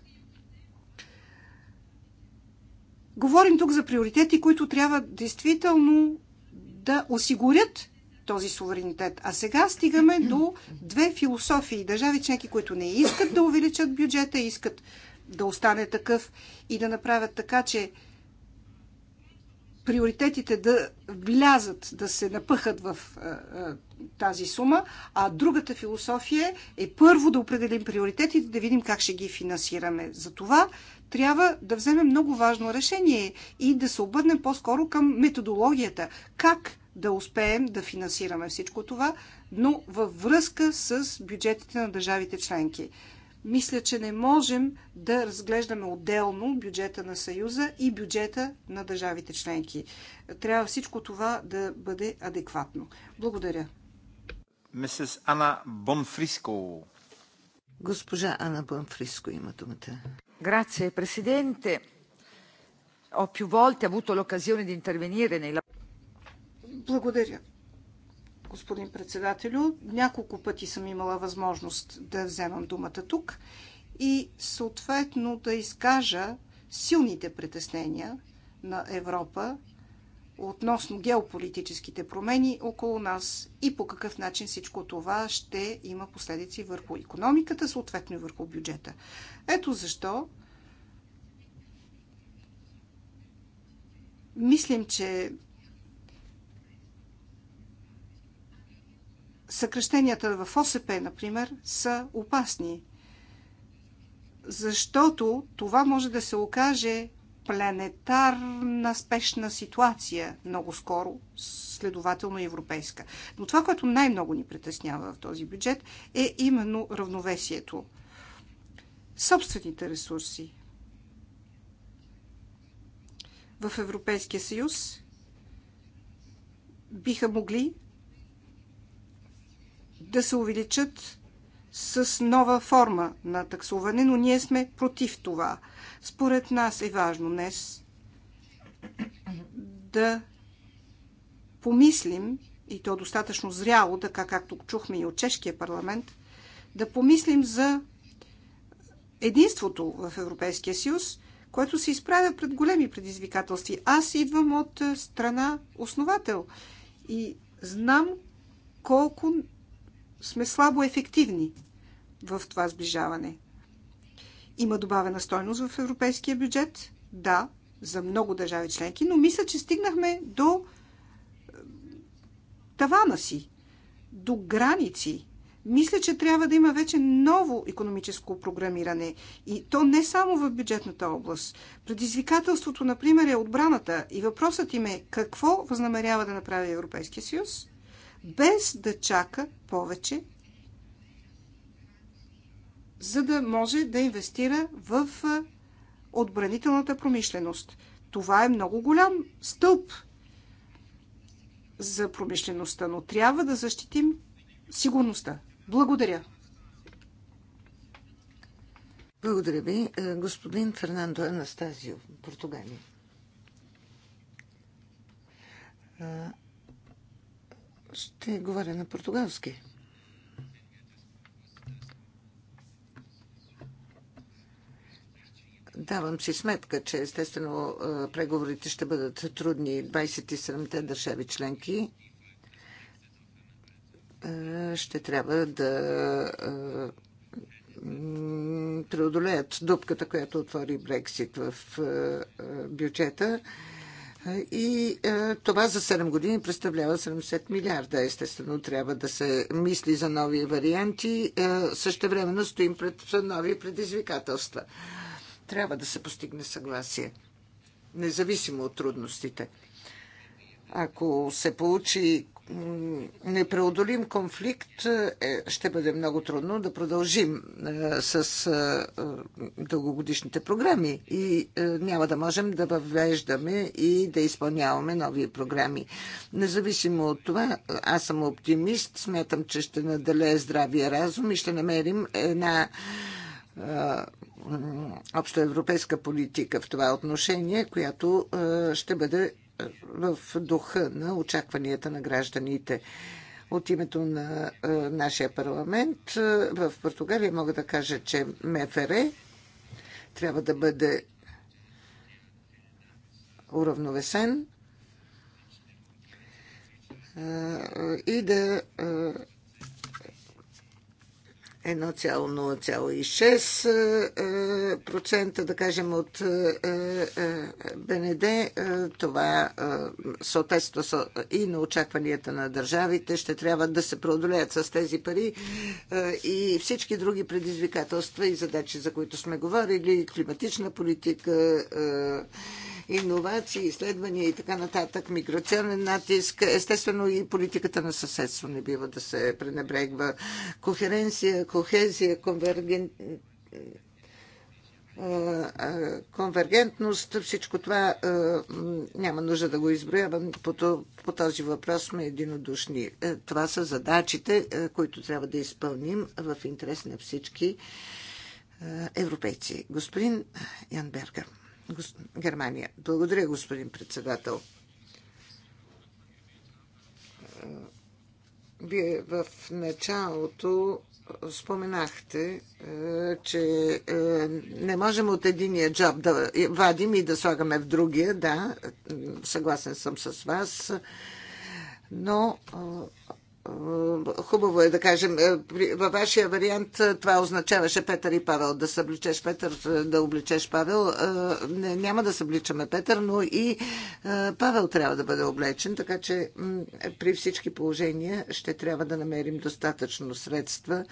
Говорим тук за приоритети, които трябва действително да осигурят този суверенитет. А сега стигаме до две философии. Държави членки, които не искат да увеличат бюджета, искат да остане такъв и да направят така, че приоритетите да влязат, да се напъхат в тази сума, а другата философия е първо да определим приоритетите, да видим как ще ги финансираме. За това трябва да вземем много важно решение и да се обърнем по-скоро към методологията. Как да успеем да финансираме всичко това, но във връзка с бюджетите на държавите членки. Мисля, че не можем да разглеждаме отделно бюджета на Съюза и бюджета на държавите членки. Трябва всичко това да бъде адекватно. Благодаря. Мисис Ана Бонфриско. Госпожа Ана Бонфриско има думата. Грация, президенте. Ho più volte avuto l'occasione di intervenire nei Благодаря господин председателю. Няколко пъти съм имала възможност да вземам думата тук и съответно да изкажа силните притеснения на Европа относно геополитическите промени около нас и по какъв начин всичко това ще има последици върху економиката, съответно и върху бюджета. Ето защо мислим, че съкръщенията в ОСП, например, са опасни. Защото това може да се окаже планетарна спешна ситуация много скоро, следователно европейска. Но това, което най-много ни притеснява в този бюджет, е именно равновесието. Собствените ресурси в Европейския съюз биха могли да се увеличат с нова форма на таксуване, но ние сме против това. Според нас е важно днес да помислим, и то достатъчно зряло, така както чухме и от чешкия парламент, да помислим за единството в Европейския съюз, което се изправя пред големи предизвикателства. Аз идвам от страна основател и знам колко сме слабо ефективни в това сближаване. Има добавена стойност в европейския бюджет, да, за много държави членки, но мисля, че стигнахме до е, тавана си, до граници. Мисля, че трябва да има вече ново економическо програмиране. И то не само в бюджетната област. Предизвикателството, например, е отбраната. И въпросът им е какво възнамерява да направи Европейския съюз без да чака повече, за да може да инвестира в отбранителната промишленост. Това е много голям стълб за промишлеността, но трябва да защитим сигурността. Благодаря. Благодаря ви, е, господин Фернандо Анастазио, Португалия. Е, ще говоря на португалски. Давам си сметка, че естествено преговорите ще бъдат трудни. 27-те държави членки ще трябва да преодолеят дупката, която отвори Брексит в бюджета. И е, това за 7 години представлява 70 милиарда. Естествено, трябва да се мисли за нови варианти. Е, също времено стоим пред нови предизвикателства. Трябва да се постигне съгласие, независимо от трудностите. Ако се получи непреодолим конфликт е, ще бъде много трудно да продължим е, с е, дългогодишните програми и няма да можем да въвеждаме и да изпълняваме нови програми. Независимо от това, аз съм оптимист, смятам, че ще наделее здравия разум и ще намерим една общоевропейска политика в това отношение, която ще бъде в духа на очакванията на гражданите. От името на е, нашия парламент е, в Португалия мога да кажа, че МФР е. трябва да бъде уравновесен и да 1,06% е, е, да кажем от е, БНД. Това съответства и на очакванията на държавите. Ще трябва да се преодолеят с тези пари и всички други предизвикателства и задачи, за които сме говорили, климатична политика, иновации, изследвания и така нататък, миграционен натиск. Естествено и политиката на съседство не бива да се пренебрегва. Коференция, кохезия, конверген конвергентност, всичко това няма нужда да го изброявам. По този въпрос сме единодушни. Е, това са задачите, е, които трябва да изпълним в интерес на всички е, европейци. Господин Янбергер. Германия. Благодаря, господин председател. Вие в началото споменахте, е, че е, не можем от единия джоб да вадим и да слагаме в другия. Да, съгласен съм с вас. Но е, хубаво е да кажем, е, във вашия вариант е, това означаваше Петър и Павел. Да събличеш Петър, е, да обличеш Павел. Не, няма да събличаме Петър, но и Павел трябва да бъде облечен, така че при всички положения ще трябва да намерим достатъчно средства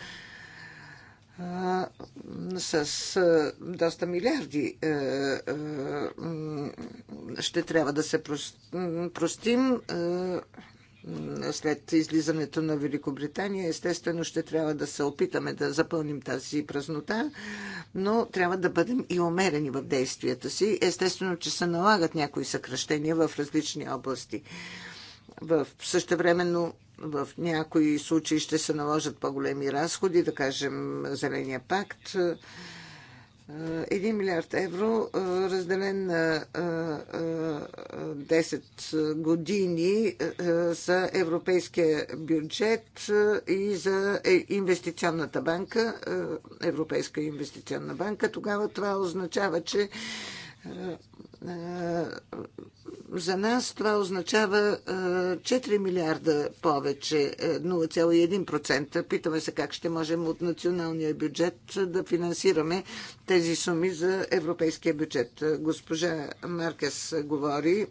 с доста милиарди ще трябва да се простим след излизането на Великобритания. Естествено ще трябва да се опитаме да запълним тази празнота, но трябва да бъдем и умерени в действията си. Естествено, че се налагат някои съкръщения в различни области. В същевременно в някои случаи ще се наложат по-големи разходи, да кажем Зеления пакт, 1 милиард евро, разделен на 10 години за европейския бюджет и за е, инвестиционната банка, Европейска инвестиционна банка, тогава това означава, че е, за нас това означава 4 е, милиарда повече, 0,1%. Е, Питаме се как ще можем от националния бюджет да финансираме тези суми за европейския бюджет. Госпожа Маркес говори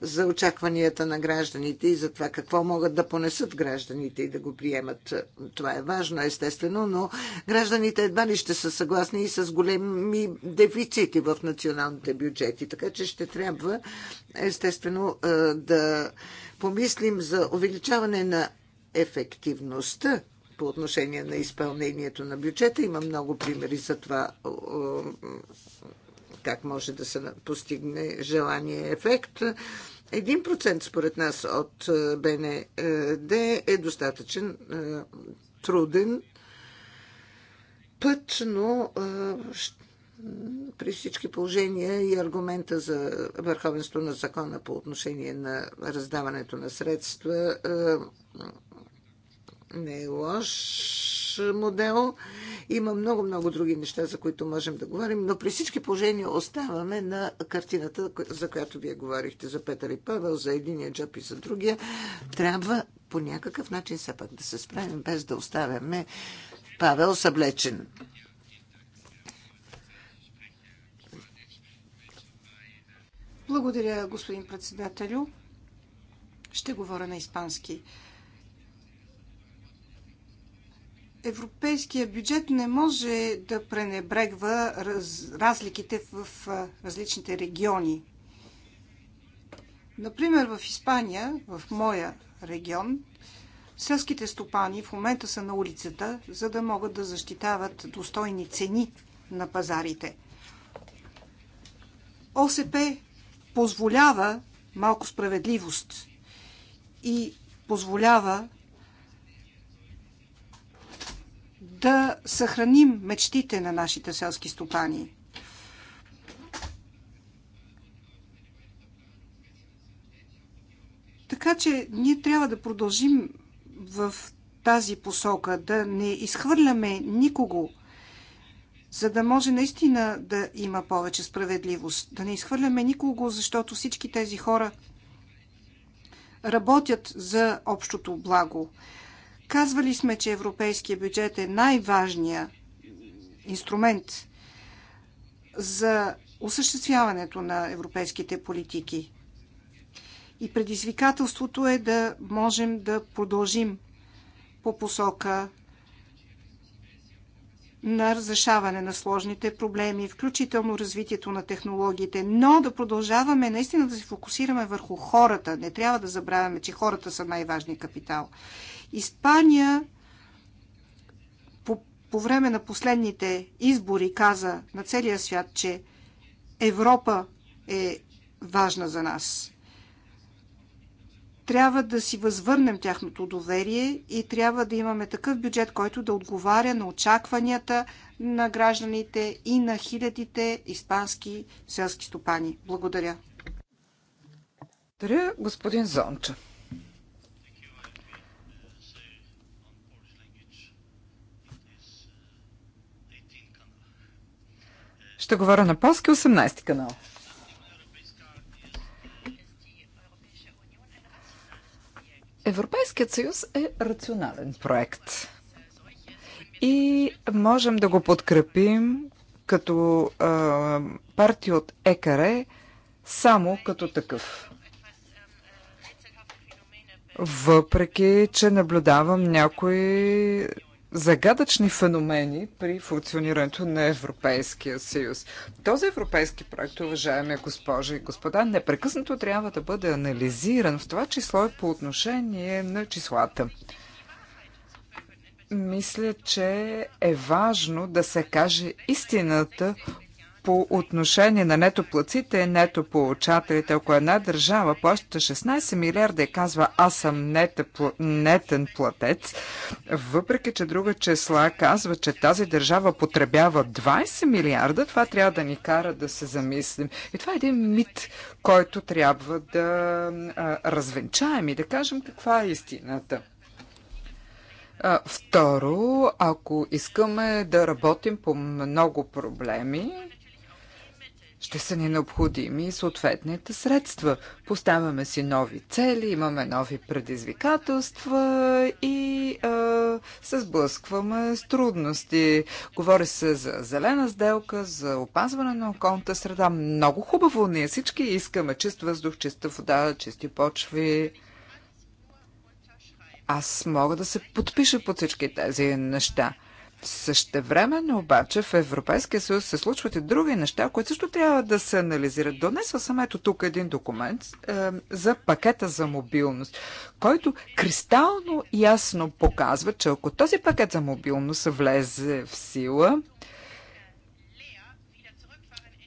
за очакванията на гражданите и за това какво могат да понесат гражданите и да го приемат. Това е важно, естествено, но гражданите едва ли ще са съгласни и с големи дефицити в националните бюджети приети. Така че ще трябва естествено е, да помислим за увеличаване на ефективността по отношение на изпълнението на бюджета. Има много примери за това как може да се постигне желания ефект. 1% според нас от е, БНД е достатъчен е, труден път, но при всички положения и аргумента за върховенство на закона по отношение на раздаването на средства е, не е лош модел. Има много-много други неща, за които можем да говорим, но при всички положения оставаме на картината, за която вие говорихте, за Петър и Павел, за единия джоб и за другия. Трябва по някакъв начин все пак да се справим, без да оставяме Павел съблечен. Благодаря, господин председателю. Ще говоря на испански. Европейския бюджет не може да пренебрегва раз, разликите в различните региони. Например, в Испания, в моя регион, селските стопани в момента са на улицата, за да могат да защитават достойни цени на пазарите. ОСП позволява малко справедливост и позволява да съхраним мечтите на нашите селски стопани. Така че ние трябва да продължим в тази посока, да не изхвърляме никого за да може наистина да има повече справедливост. Да не изхвърляме никого, защото всички тези хора работят за общото благо. Казвали сме, че европейския бюджет е най-важният инструмент за осъществяването на европейските политики. И предизвикателството е да можем да продължим по посока на разрешаване на сложните проблеми, включително развитието на технологиите, но да продължаваме наистина да се фокусираме върху хората. Не трябва да забравяме, че хората са най-важният капитал. Испания по, по време на последните избори каза на целия свят, че Европа е важна за нас трябва да си възвърнем тяхното доверие и трябва да имаме такъв бюджет, който да отговаря на очакванията на гражданите и на хилядите испански селски стопани. Благодаря. Благодаря, господин Зонча. Ще говоря на полски 18 канал. Европейският съюз е рационален проект. И можем да го подкрепим като а, партия от ЕКАРЕ само като такъв. Въпреки, че наблюдавам някои загадъчни феномени при функционирането на Европейския съюз. Този европейски проект, уважаеми госпожи и господа, непрекъснато трябва да бъде анализиран, в това число и по отношение на числата. Мисля, че е важно да се каже истината по отношение на нетоплаците нетополучателите. Ако една държава плаща 16 милиарда и казва аз съм нетен платец, въпреки че друга числа казва, че тази държава потребява 20 милиарда, това трябва да ни кара да се замислим. И това е един мит, който трябва да а, развенчаем и да кажем каква е истината. Второ, ако искаме да работим по много проблеми, ще са ни необходими и съответните средства. Поставяме си нови цели, имаме нови предизвикателства и а, се сблъскваме с трудности. Говори се за зелена сделка, за опазване на околната среда. Много хубаво. Ние всички искаме чист въздух, чиста вода, чисти почви. Аз мога да се подпиша под всички тези неща но обаче в Европейския съюз се случват и други неща, които също трябва да се анализират. Донесла съм ето тук един документ е, за пакета за мобилност, който кристално ясно показва, че ако този пакет за мобилност влезе в сила,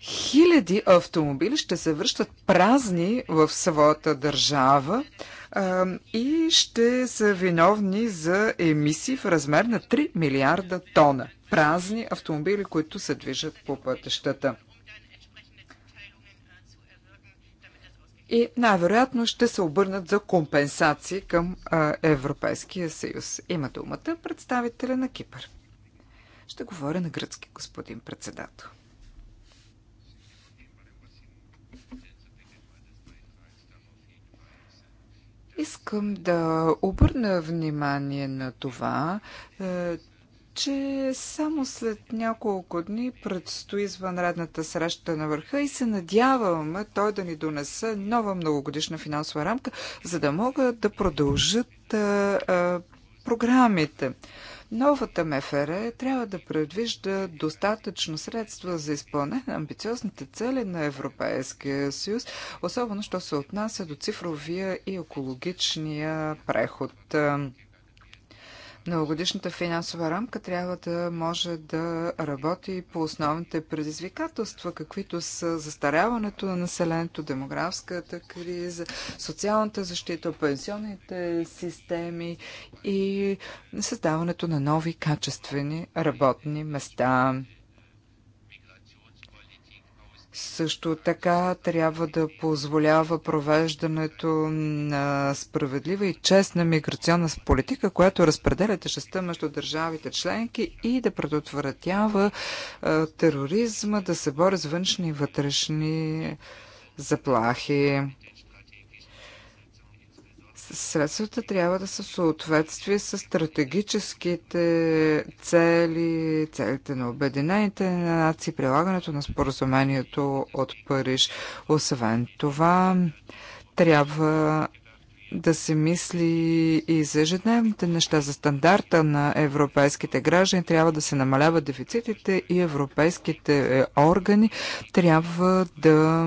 хиляди автомобили ще се връщат празни в своята държава, и ще са виновни за емисии в размер на 3 милиарда тона празни автомобили, които се движат по пътещата. и най-вероятно ще се обърнат за компенсации към а, Европейския съюз. Има думата представителя на Кипър. Ще говоря на гръцки, господин председател. Искам да обърна внимание на това, е, че само след няколко дни предстои извънредната среща на върха и се надяваме той да ни донесе нова многогодишна финансова рамка, за да могат да продължат е, е, програмите. Новата МФР трябва да предвижда достатъчно средства за изпълнение на амбициозните цели на Европейския съюз, особено що се отнася до цифровия и екологичния преход. Многогодишната финансова рамка трябва да може да работи по основните предизвикателства, каквито са застаряването на населението, демографската криза, социалната защита, пенсионните системи и създаването на нови качествени работни места. Също така трябва да позволява провеждането на справедлива и честна миграционна политика, която разпределя тежестта между държавите членки и да предотвратява е, тероризма, да се бори с външни и вътрешни заплахи. Средствата трябва да са в съответствие с стратегическите цели, целите на Обединените нации, прилагането на споразумението от Париж. Освен това, трябва да се мисли и за ежедневните неща, за стандарта на европейските граждани, трябва да се намаляват дефицитите и европейските е, органи трябва да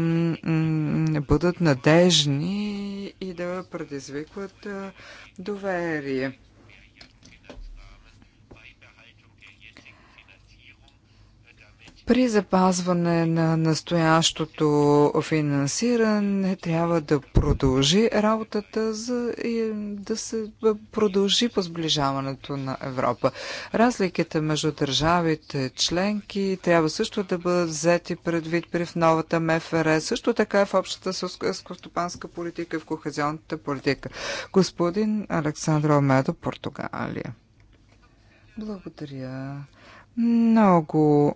бъдат надежни и да предизвикват е, доверие. При запазване на настоящото финансиране трябва да продължи работата за и да се продължи по сближаването на Европа. Разликите между държавите членки трябва също да бъдат взети предвид при в новата МФР, също така в общата скостопанска политика и в кохезионната политика. Господин Александр Омедо, Португалия. Благодаря. Много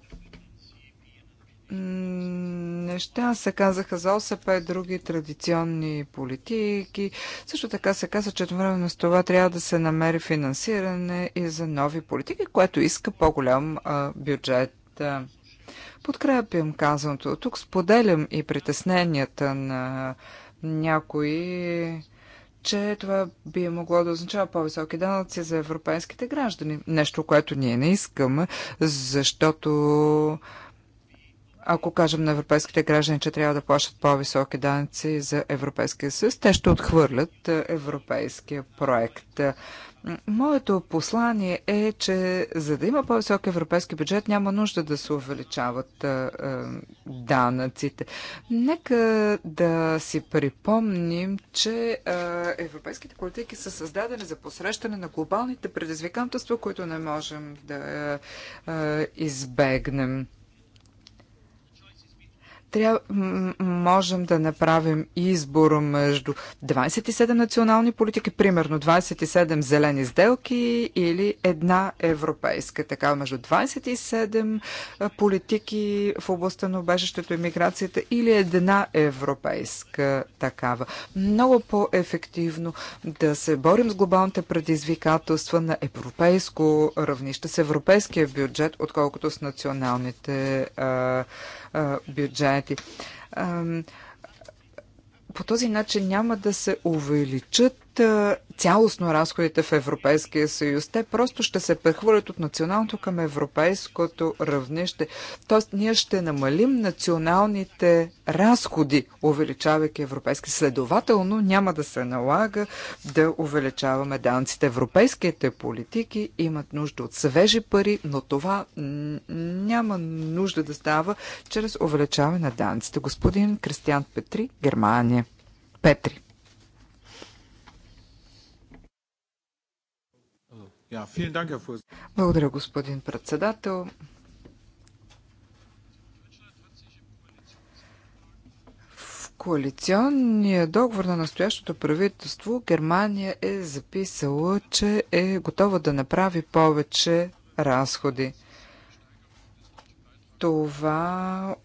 неща се казаха за ОСП, други традиционни политики. Също така се каза, че едновременно с това трябва да се намери финансиране и за нови политики, което иска по-голям бюджет. Подкрепям казаното. Тук споделям и притесненията на някои че това би могло да означава по-високи данъци за европейските граждани. Нещо, което ние не искаме, защото ако кажем на европейските граждани, че трябва да плащат по-високи данъци за Европейския съюз, те ще отхвърлят е, европейския проект. Моето послание е, че за да има по-висок европейски бюджет, няма нужда да се увеличават е, е, данъците. Нека да си припомним, че европейските политики са създадени за посрещане на глобалните предизвикателства, които не можем да избегнем трябва, можем да направим избор между 27 национални политики, примерно 27 зелени сделки или една европейска. Така, между 27 политики в областта на обежището и миграцията или една европейска такава. Много по-ефективно да се борим с глобалните предизвикателства на европейско равнище, с европейския бюджет, отколкото с националните а, бюджети. По този начин няма да се увеличат е, цялостно разходите в Европейския съюз. Те просто ще се прехвърлят от националното към европейското равнище. Тоест, ние ще намалим националните разходи, увеличавайки европейски. Следователно, няма да се налага да увеличаваме данците. Европейските политики имат нужда от свежи пари, но това няма нужда да става чрез увеличаване на данците. Господин Кристиан Петри, Германия. Петри. Благодаря, господин председател. В коалиционния договор на настоящото правителство Германия е записала, че е готова да направи повече разходи. Това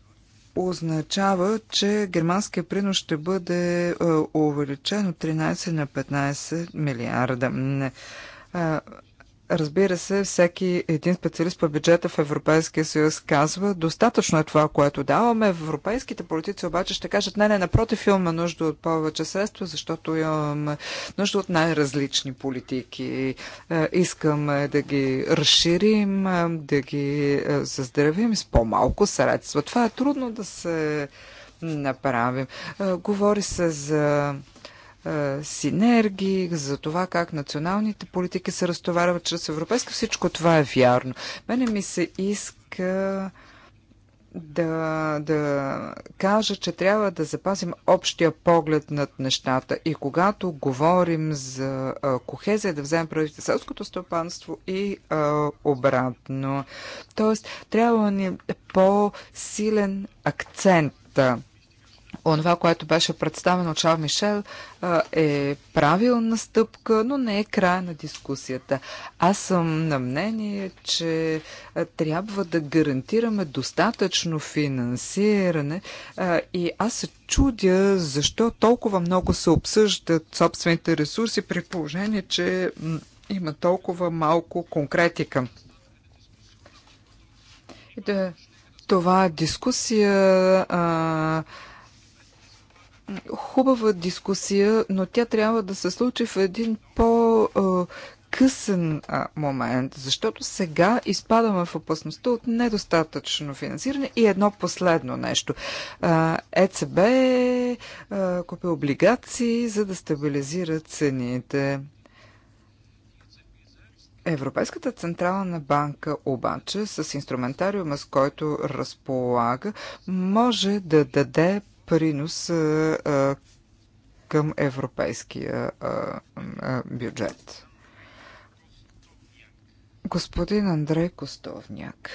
означава, че германския принос ще бъде е, увеличен от 13 на 15 милиарда. Разбира се, всеки един специалист по бюджета в Европейския съюз казва, достатъчно е това, което даваме. Европейските политици обаче ще кажат, не, не, напротив, имаме нужда от повече средства, защото имаме нужда от най-различни политики. Е, искаме да ги разширим, е, да ги е, заздравим с по-малко средства. Това е трудно да се направим. Говори се за е, синергии, за това как националните политики се разтоварват чрез европейска. Всичко това е вярно. Мене ми се иска да, да кажа, че трябва да запазим общия поглед над нещата. И когато говорим за а, е, кохезия, да вземем правите селското стопанство и а, е, обратно. Тоест, трябва ни по-силен акцент. Онова, което беше представено от Шал Мишел, е правилна стъпка, но не е края на дискусията. Аз съм на мнение, че трябва да гарантираме достатъчно финансиране и аз се чудя защо толкова много се обсъждат собствените ресурси при положение, че има толкова малко конкретика. Да, това е дискусия, а, хубава дискусия, но тя трябва да се случи в един по- късен а, момент, защото сега изпадаме в опасността от недостатъчно финансиране и едно последно нещо. А, ЕЦБ а, купи облигации, за да стабилизира цените. Европейската централна банка обаче с инструментариума, с който разполага, може да даде принос към европейския бюджет. Господин Андрей Костовняк.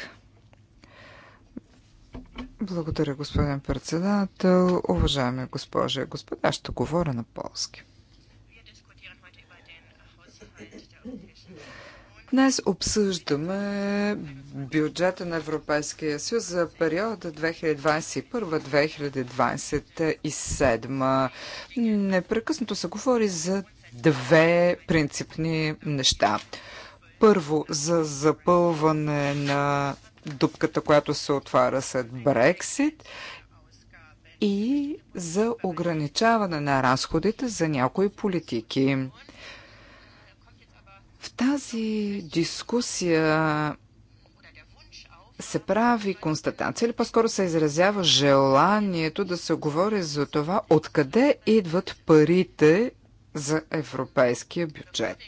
Благодаря, господин председател. Уважаеми госпожи и господа, ще говоря на полски. Днес обсъждаме бюджета на Европейския съюз за периода 2021-2027. Непрекъснато се говори за две принципни неща. Първо, за запълване на дупката, която се отваря след Брексит и за ограничаване на разходите за някои политики. В тази дискусия се прави констатация или по-скоро се изразява желанието да се говори за това откъде идват парите за европейския бюджет.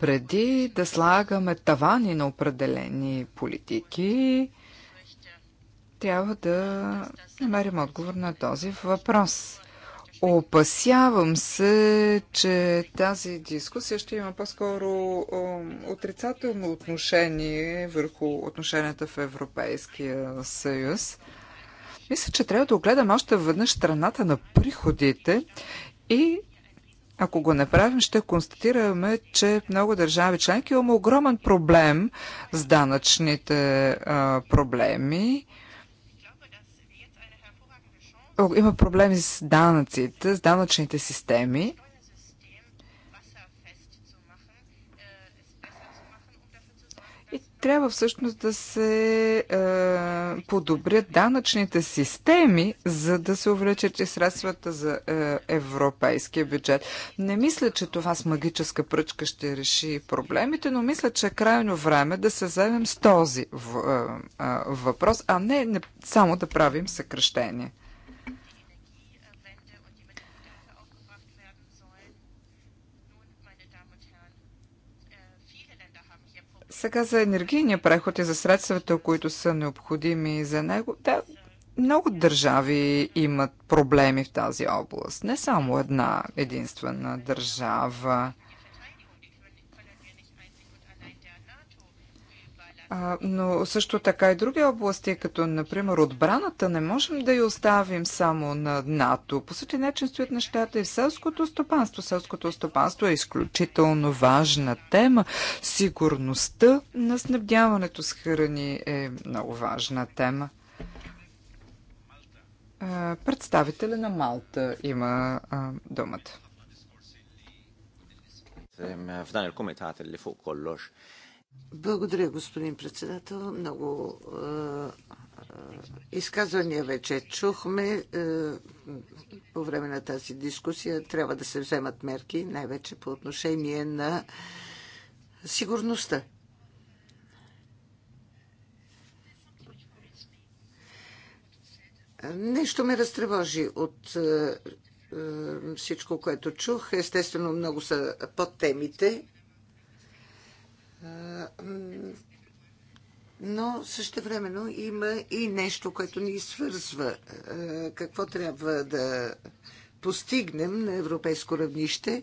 Преди да слагаме тавани на определени политики, трябва да намерим отговор на този въпрос. Опасявам се, че тази дискусия ще има по-скоро отрицателно отношение върху отношенията в Европейския съюз. Мисля, че трябва да огледам още веднъж страната на приходите и ако го направим, ще констатираме, че много държави членки имаме огромен проблем с данъчните а, проблеми има проблеми с данъците, с данъчните системи. И трябва всъщност да се е, подобрят данъчните системи, за да се увеличат и средствата за е, европейския бюджет. Не мисля, че това с магическа пръчка ще реши проблемите, но мисля, че е крайно време да се заемем с този в, е, е, въпрос, а не, не само да правим съкръщение. Сега за енергийния преход и за средствата, които са необходими за него. Да, много държави имат проблеми в тази област. Не само една единствена държава. но също така и други области, като например отбраната, не можем да я оставим само на НАТО. По същия начин стоят нещата и в селското стопанство. Селското стопанство е изключително важна тема. Сигурността на снабдяването с храни е много важна тема. Представителя на Малта има думата. В дан il е ли li благодаря, господин председател. Много е, е, изказвания вече чухме е, по време на тази дискусия. Трябва да се вземат мерки, най-вече по отношение на сигурността. Нещо ме разтревожи от всичко, което чух. Естествено, много са подтемите но също времено има и нещо, което ни свързва. Какво трябва да постигнем на европейско равнище?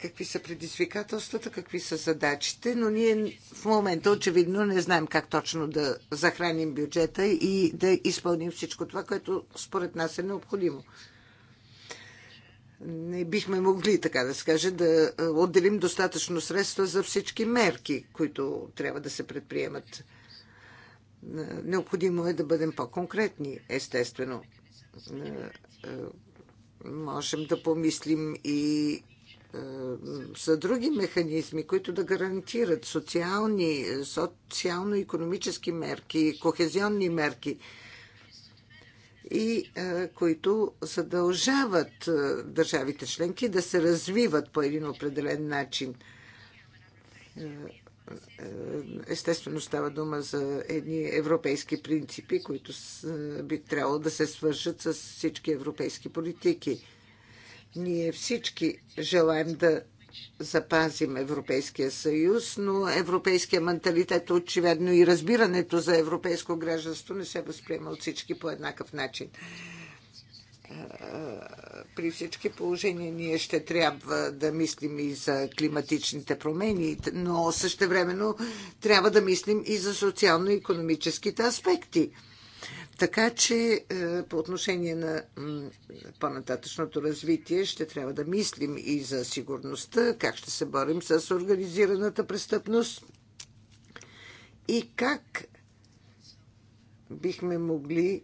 Какви са предизвикателствата, какви са задачите, но ние в момента очевидно не знаем как точно да захраним бюджета и да изпълним всичко това, което според нас е необходимо не бихме могли, така да се каже, да отделим достатъчно средства за всички мерки, които трябва да се предприемат. Необходимо е да бъдем по-конкретни, естествено. Можем да помислим и за други механизми, които да гарантират социални, социално-економически мерки, кохезионни мерки – и е, които задължават е, държавите членки да се развиват по един определен начин. Е, естествено става дума за едни европейски принципи, които би трябвало да се свържат с всички европейски политики. Ние всички желаем да запазим Европейския съюз, но европейския менталитет очевидно и разбирането за европейско гражданство не се възприема от всички по еднакъв начин. При всички положения ние ще трябва да мислим и за климатичните промени, но времено трябва да мислим и за социално-економическите аспекти – така че е, по отношение на по-нататъчното развитие ще трябва да мислим и за сигурността, как ще се борим с организираната престъпност и как бихме могли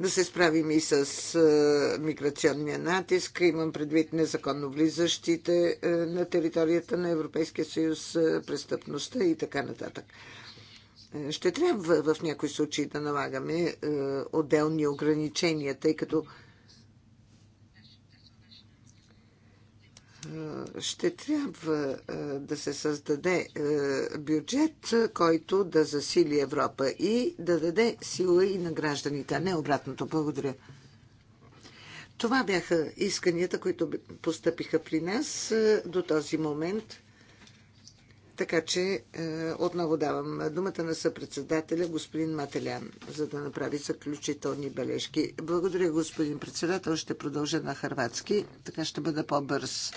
да се справим и с е, миграционния натиск. Имам предвид незаконно влизащите е, на територията на Европейския съюз, престъпността и така нататък ще трябва в някои случаи да налагаме е, отделни ограничения, тъй като е, ще трябва е, да се създаде бюджет, който да засили Европа и да даде сила и на гражданите, а не обратното. Благодаря. Това бяха исканията, които постъпиха при нас до този момент. Така че е, отново давам думата на съпредседателя господин Мателян, за да направи заключителни бележки. Благодаря, господин председател. Ще продължа на харватски, така ще бъда по-бърз.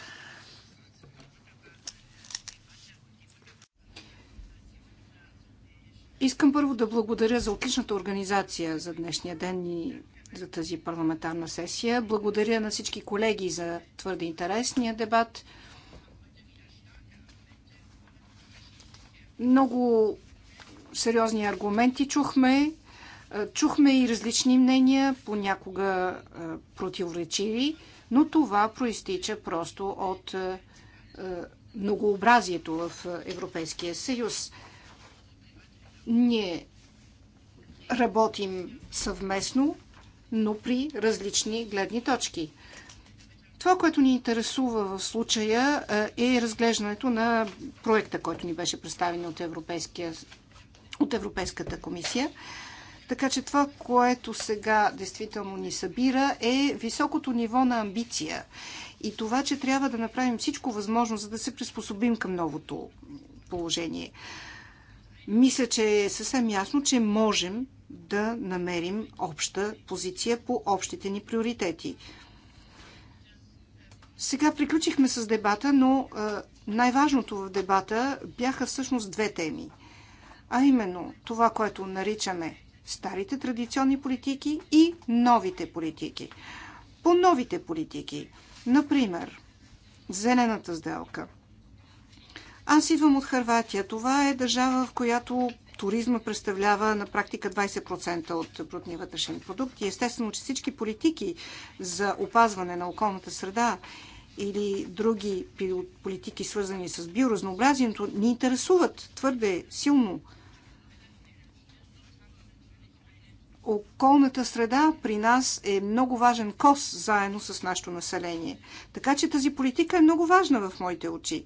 Искам първо да благодаря за отличната организация за днешния ден и за тази парламентарна сесия. Благодаря на всички колеги за твърде интересния дебат. Много сериозни аргументи чухме. Е, чухме и различни мнения, понякога е, противоречиви, но това проистича просто от е, многообразието в Европейския съюз. Ние работим съвместно, но при различни гледни точки. Това, което ни интересува в случая е разглеждането на проекта, който ни беше представен от, от Европейската комисия. Така че това, което сега действително ни събира е високото ниво на амбиция и това, че трябва да направим всичко възможно, за да се приспособим към новото положение. Мисля, че е съвсем ясно, че можем да намерим обща позиция по общите ни приоритети. Сега приключихме с дебата, но най-важното в дебата бяха всъщност две теми. А именно това, което наричаме старите традиционни политики и новите политики. По новите политики, например, зелената сделка. Аз идвам от Харватия. Това е държава, в която туризма представлява на практика 20% от брутния вътрешен продукт и естествено, че всички политики за опазване на околната среда или други политики, свързани с биоразнообразието, ни интересуват твърде силно. Околната среда при нас е много важен кос заедно с нашето население. Така че тази политика е много важна в моите очи.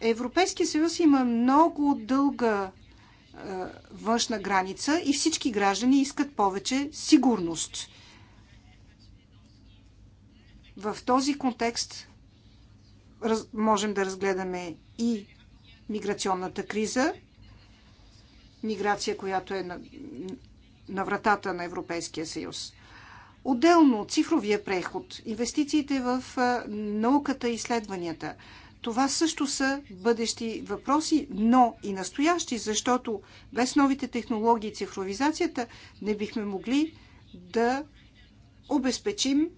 Европейския съюз има много дълга е, външна граница и всички граждани искат повече сигурност. В този контекст раз, можем да разгледаме и миграционната криза, миграция, която е на, на вратата на Европейския съюз. Отделно цифровия преход, инвестициите в е, науката и изследванията – това също са бъдещи въпроси, но и настоящи, защото без новите технологии и цифровизацията не бихме могли да обезпечим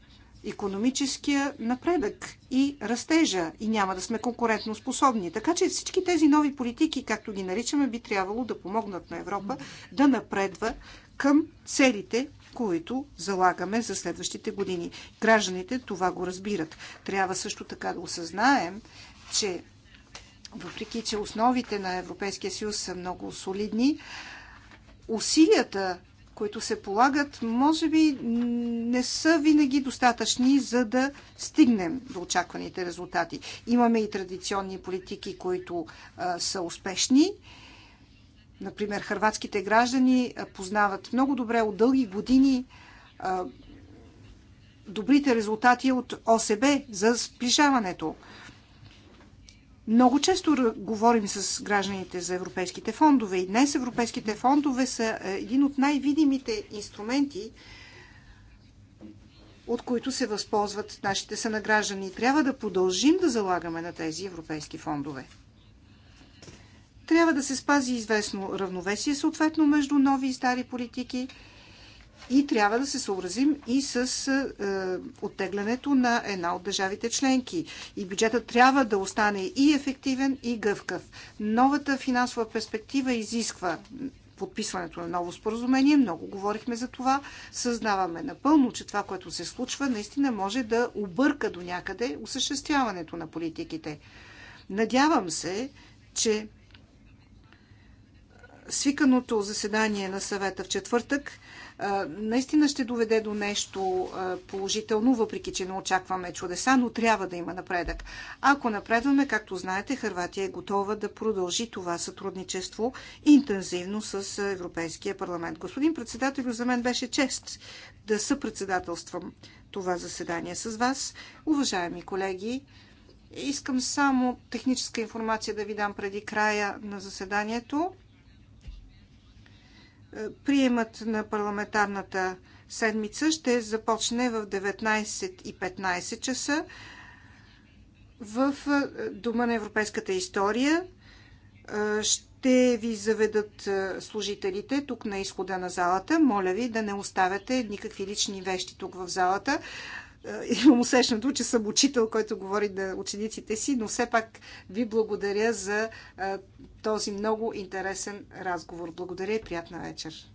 економическия напредък и растежа и няма да сме конкурентно способни. Така че всички тези нови политики, както ги наричаме, би трябвало да помогнат на Европа да напредва към целите, които залагаме за следващите години. Гражданите това го разбират. Трябва също така да осъзнаем, че въпреки, че основите на Европейския съюз са много солидни, усилията, които се полагат, може би не са винаги достатъчни, за да стигнем до очакваните резултати. Имаме и традиционни политики, които а, са успешни. Например, хрватските граждани познават много добре от дълги години а, добрите резултати от ОСБ за сближаването. Много често говорим с гражданите за европейските фондове и днес европейските фондове са е, един от най-видимите инструменти, от които се възползват нашите сънаграждани. Трябва да продължим да залагаме на тези европейски фондове. Трябва да се спази известно равновесие, съответно, между нови и стари политики – и трябва да се съобразим и с е, оттеглянето на една от държавите членки. И бюджетът трябва да остане и ефективен, и гъвкав. Новата финансова перспектива изисква подписването на ново споразумение. Много говорихме за това. Съзнаваме напълно, че това, което се случва, наистина може да обърка до някъде осъществяването на политиките. Надявам се, че свиканото заседание на съвета в четвъртък наистина ще доведе до нещо положително, въпреки че не очакваме чудеса, но трябва да има напредък. Ако напредваме, както знаете, Харватия е готова да продължи това сътрудничество интензивно с Европейския парламент. Господин председател, за мен беше чест да съпредседателствам това заседание с вас. Уважаеми колеги, искам само техническа информация да ви дам преди края на заседанието. Е, приемът на парламентарната седмица ще започне в 19.15 часа в е, Дома на европейската история. Е, ще ви заведат служителите тук на изхода на залата. Моля ви да не оставяте никакви лични вещи тук в залата. Е, имам усещането, че съм учител, който говори на учениците си, но все пак ви благодаря за е, този много интересен разговор. Благодаря и приятна вечер.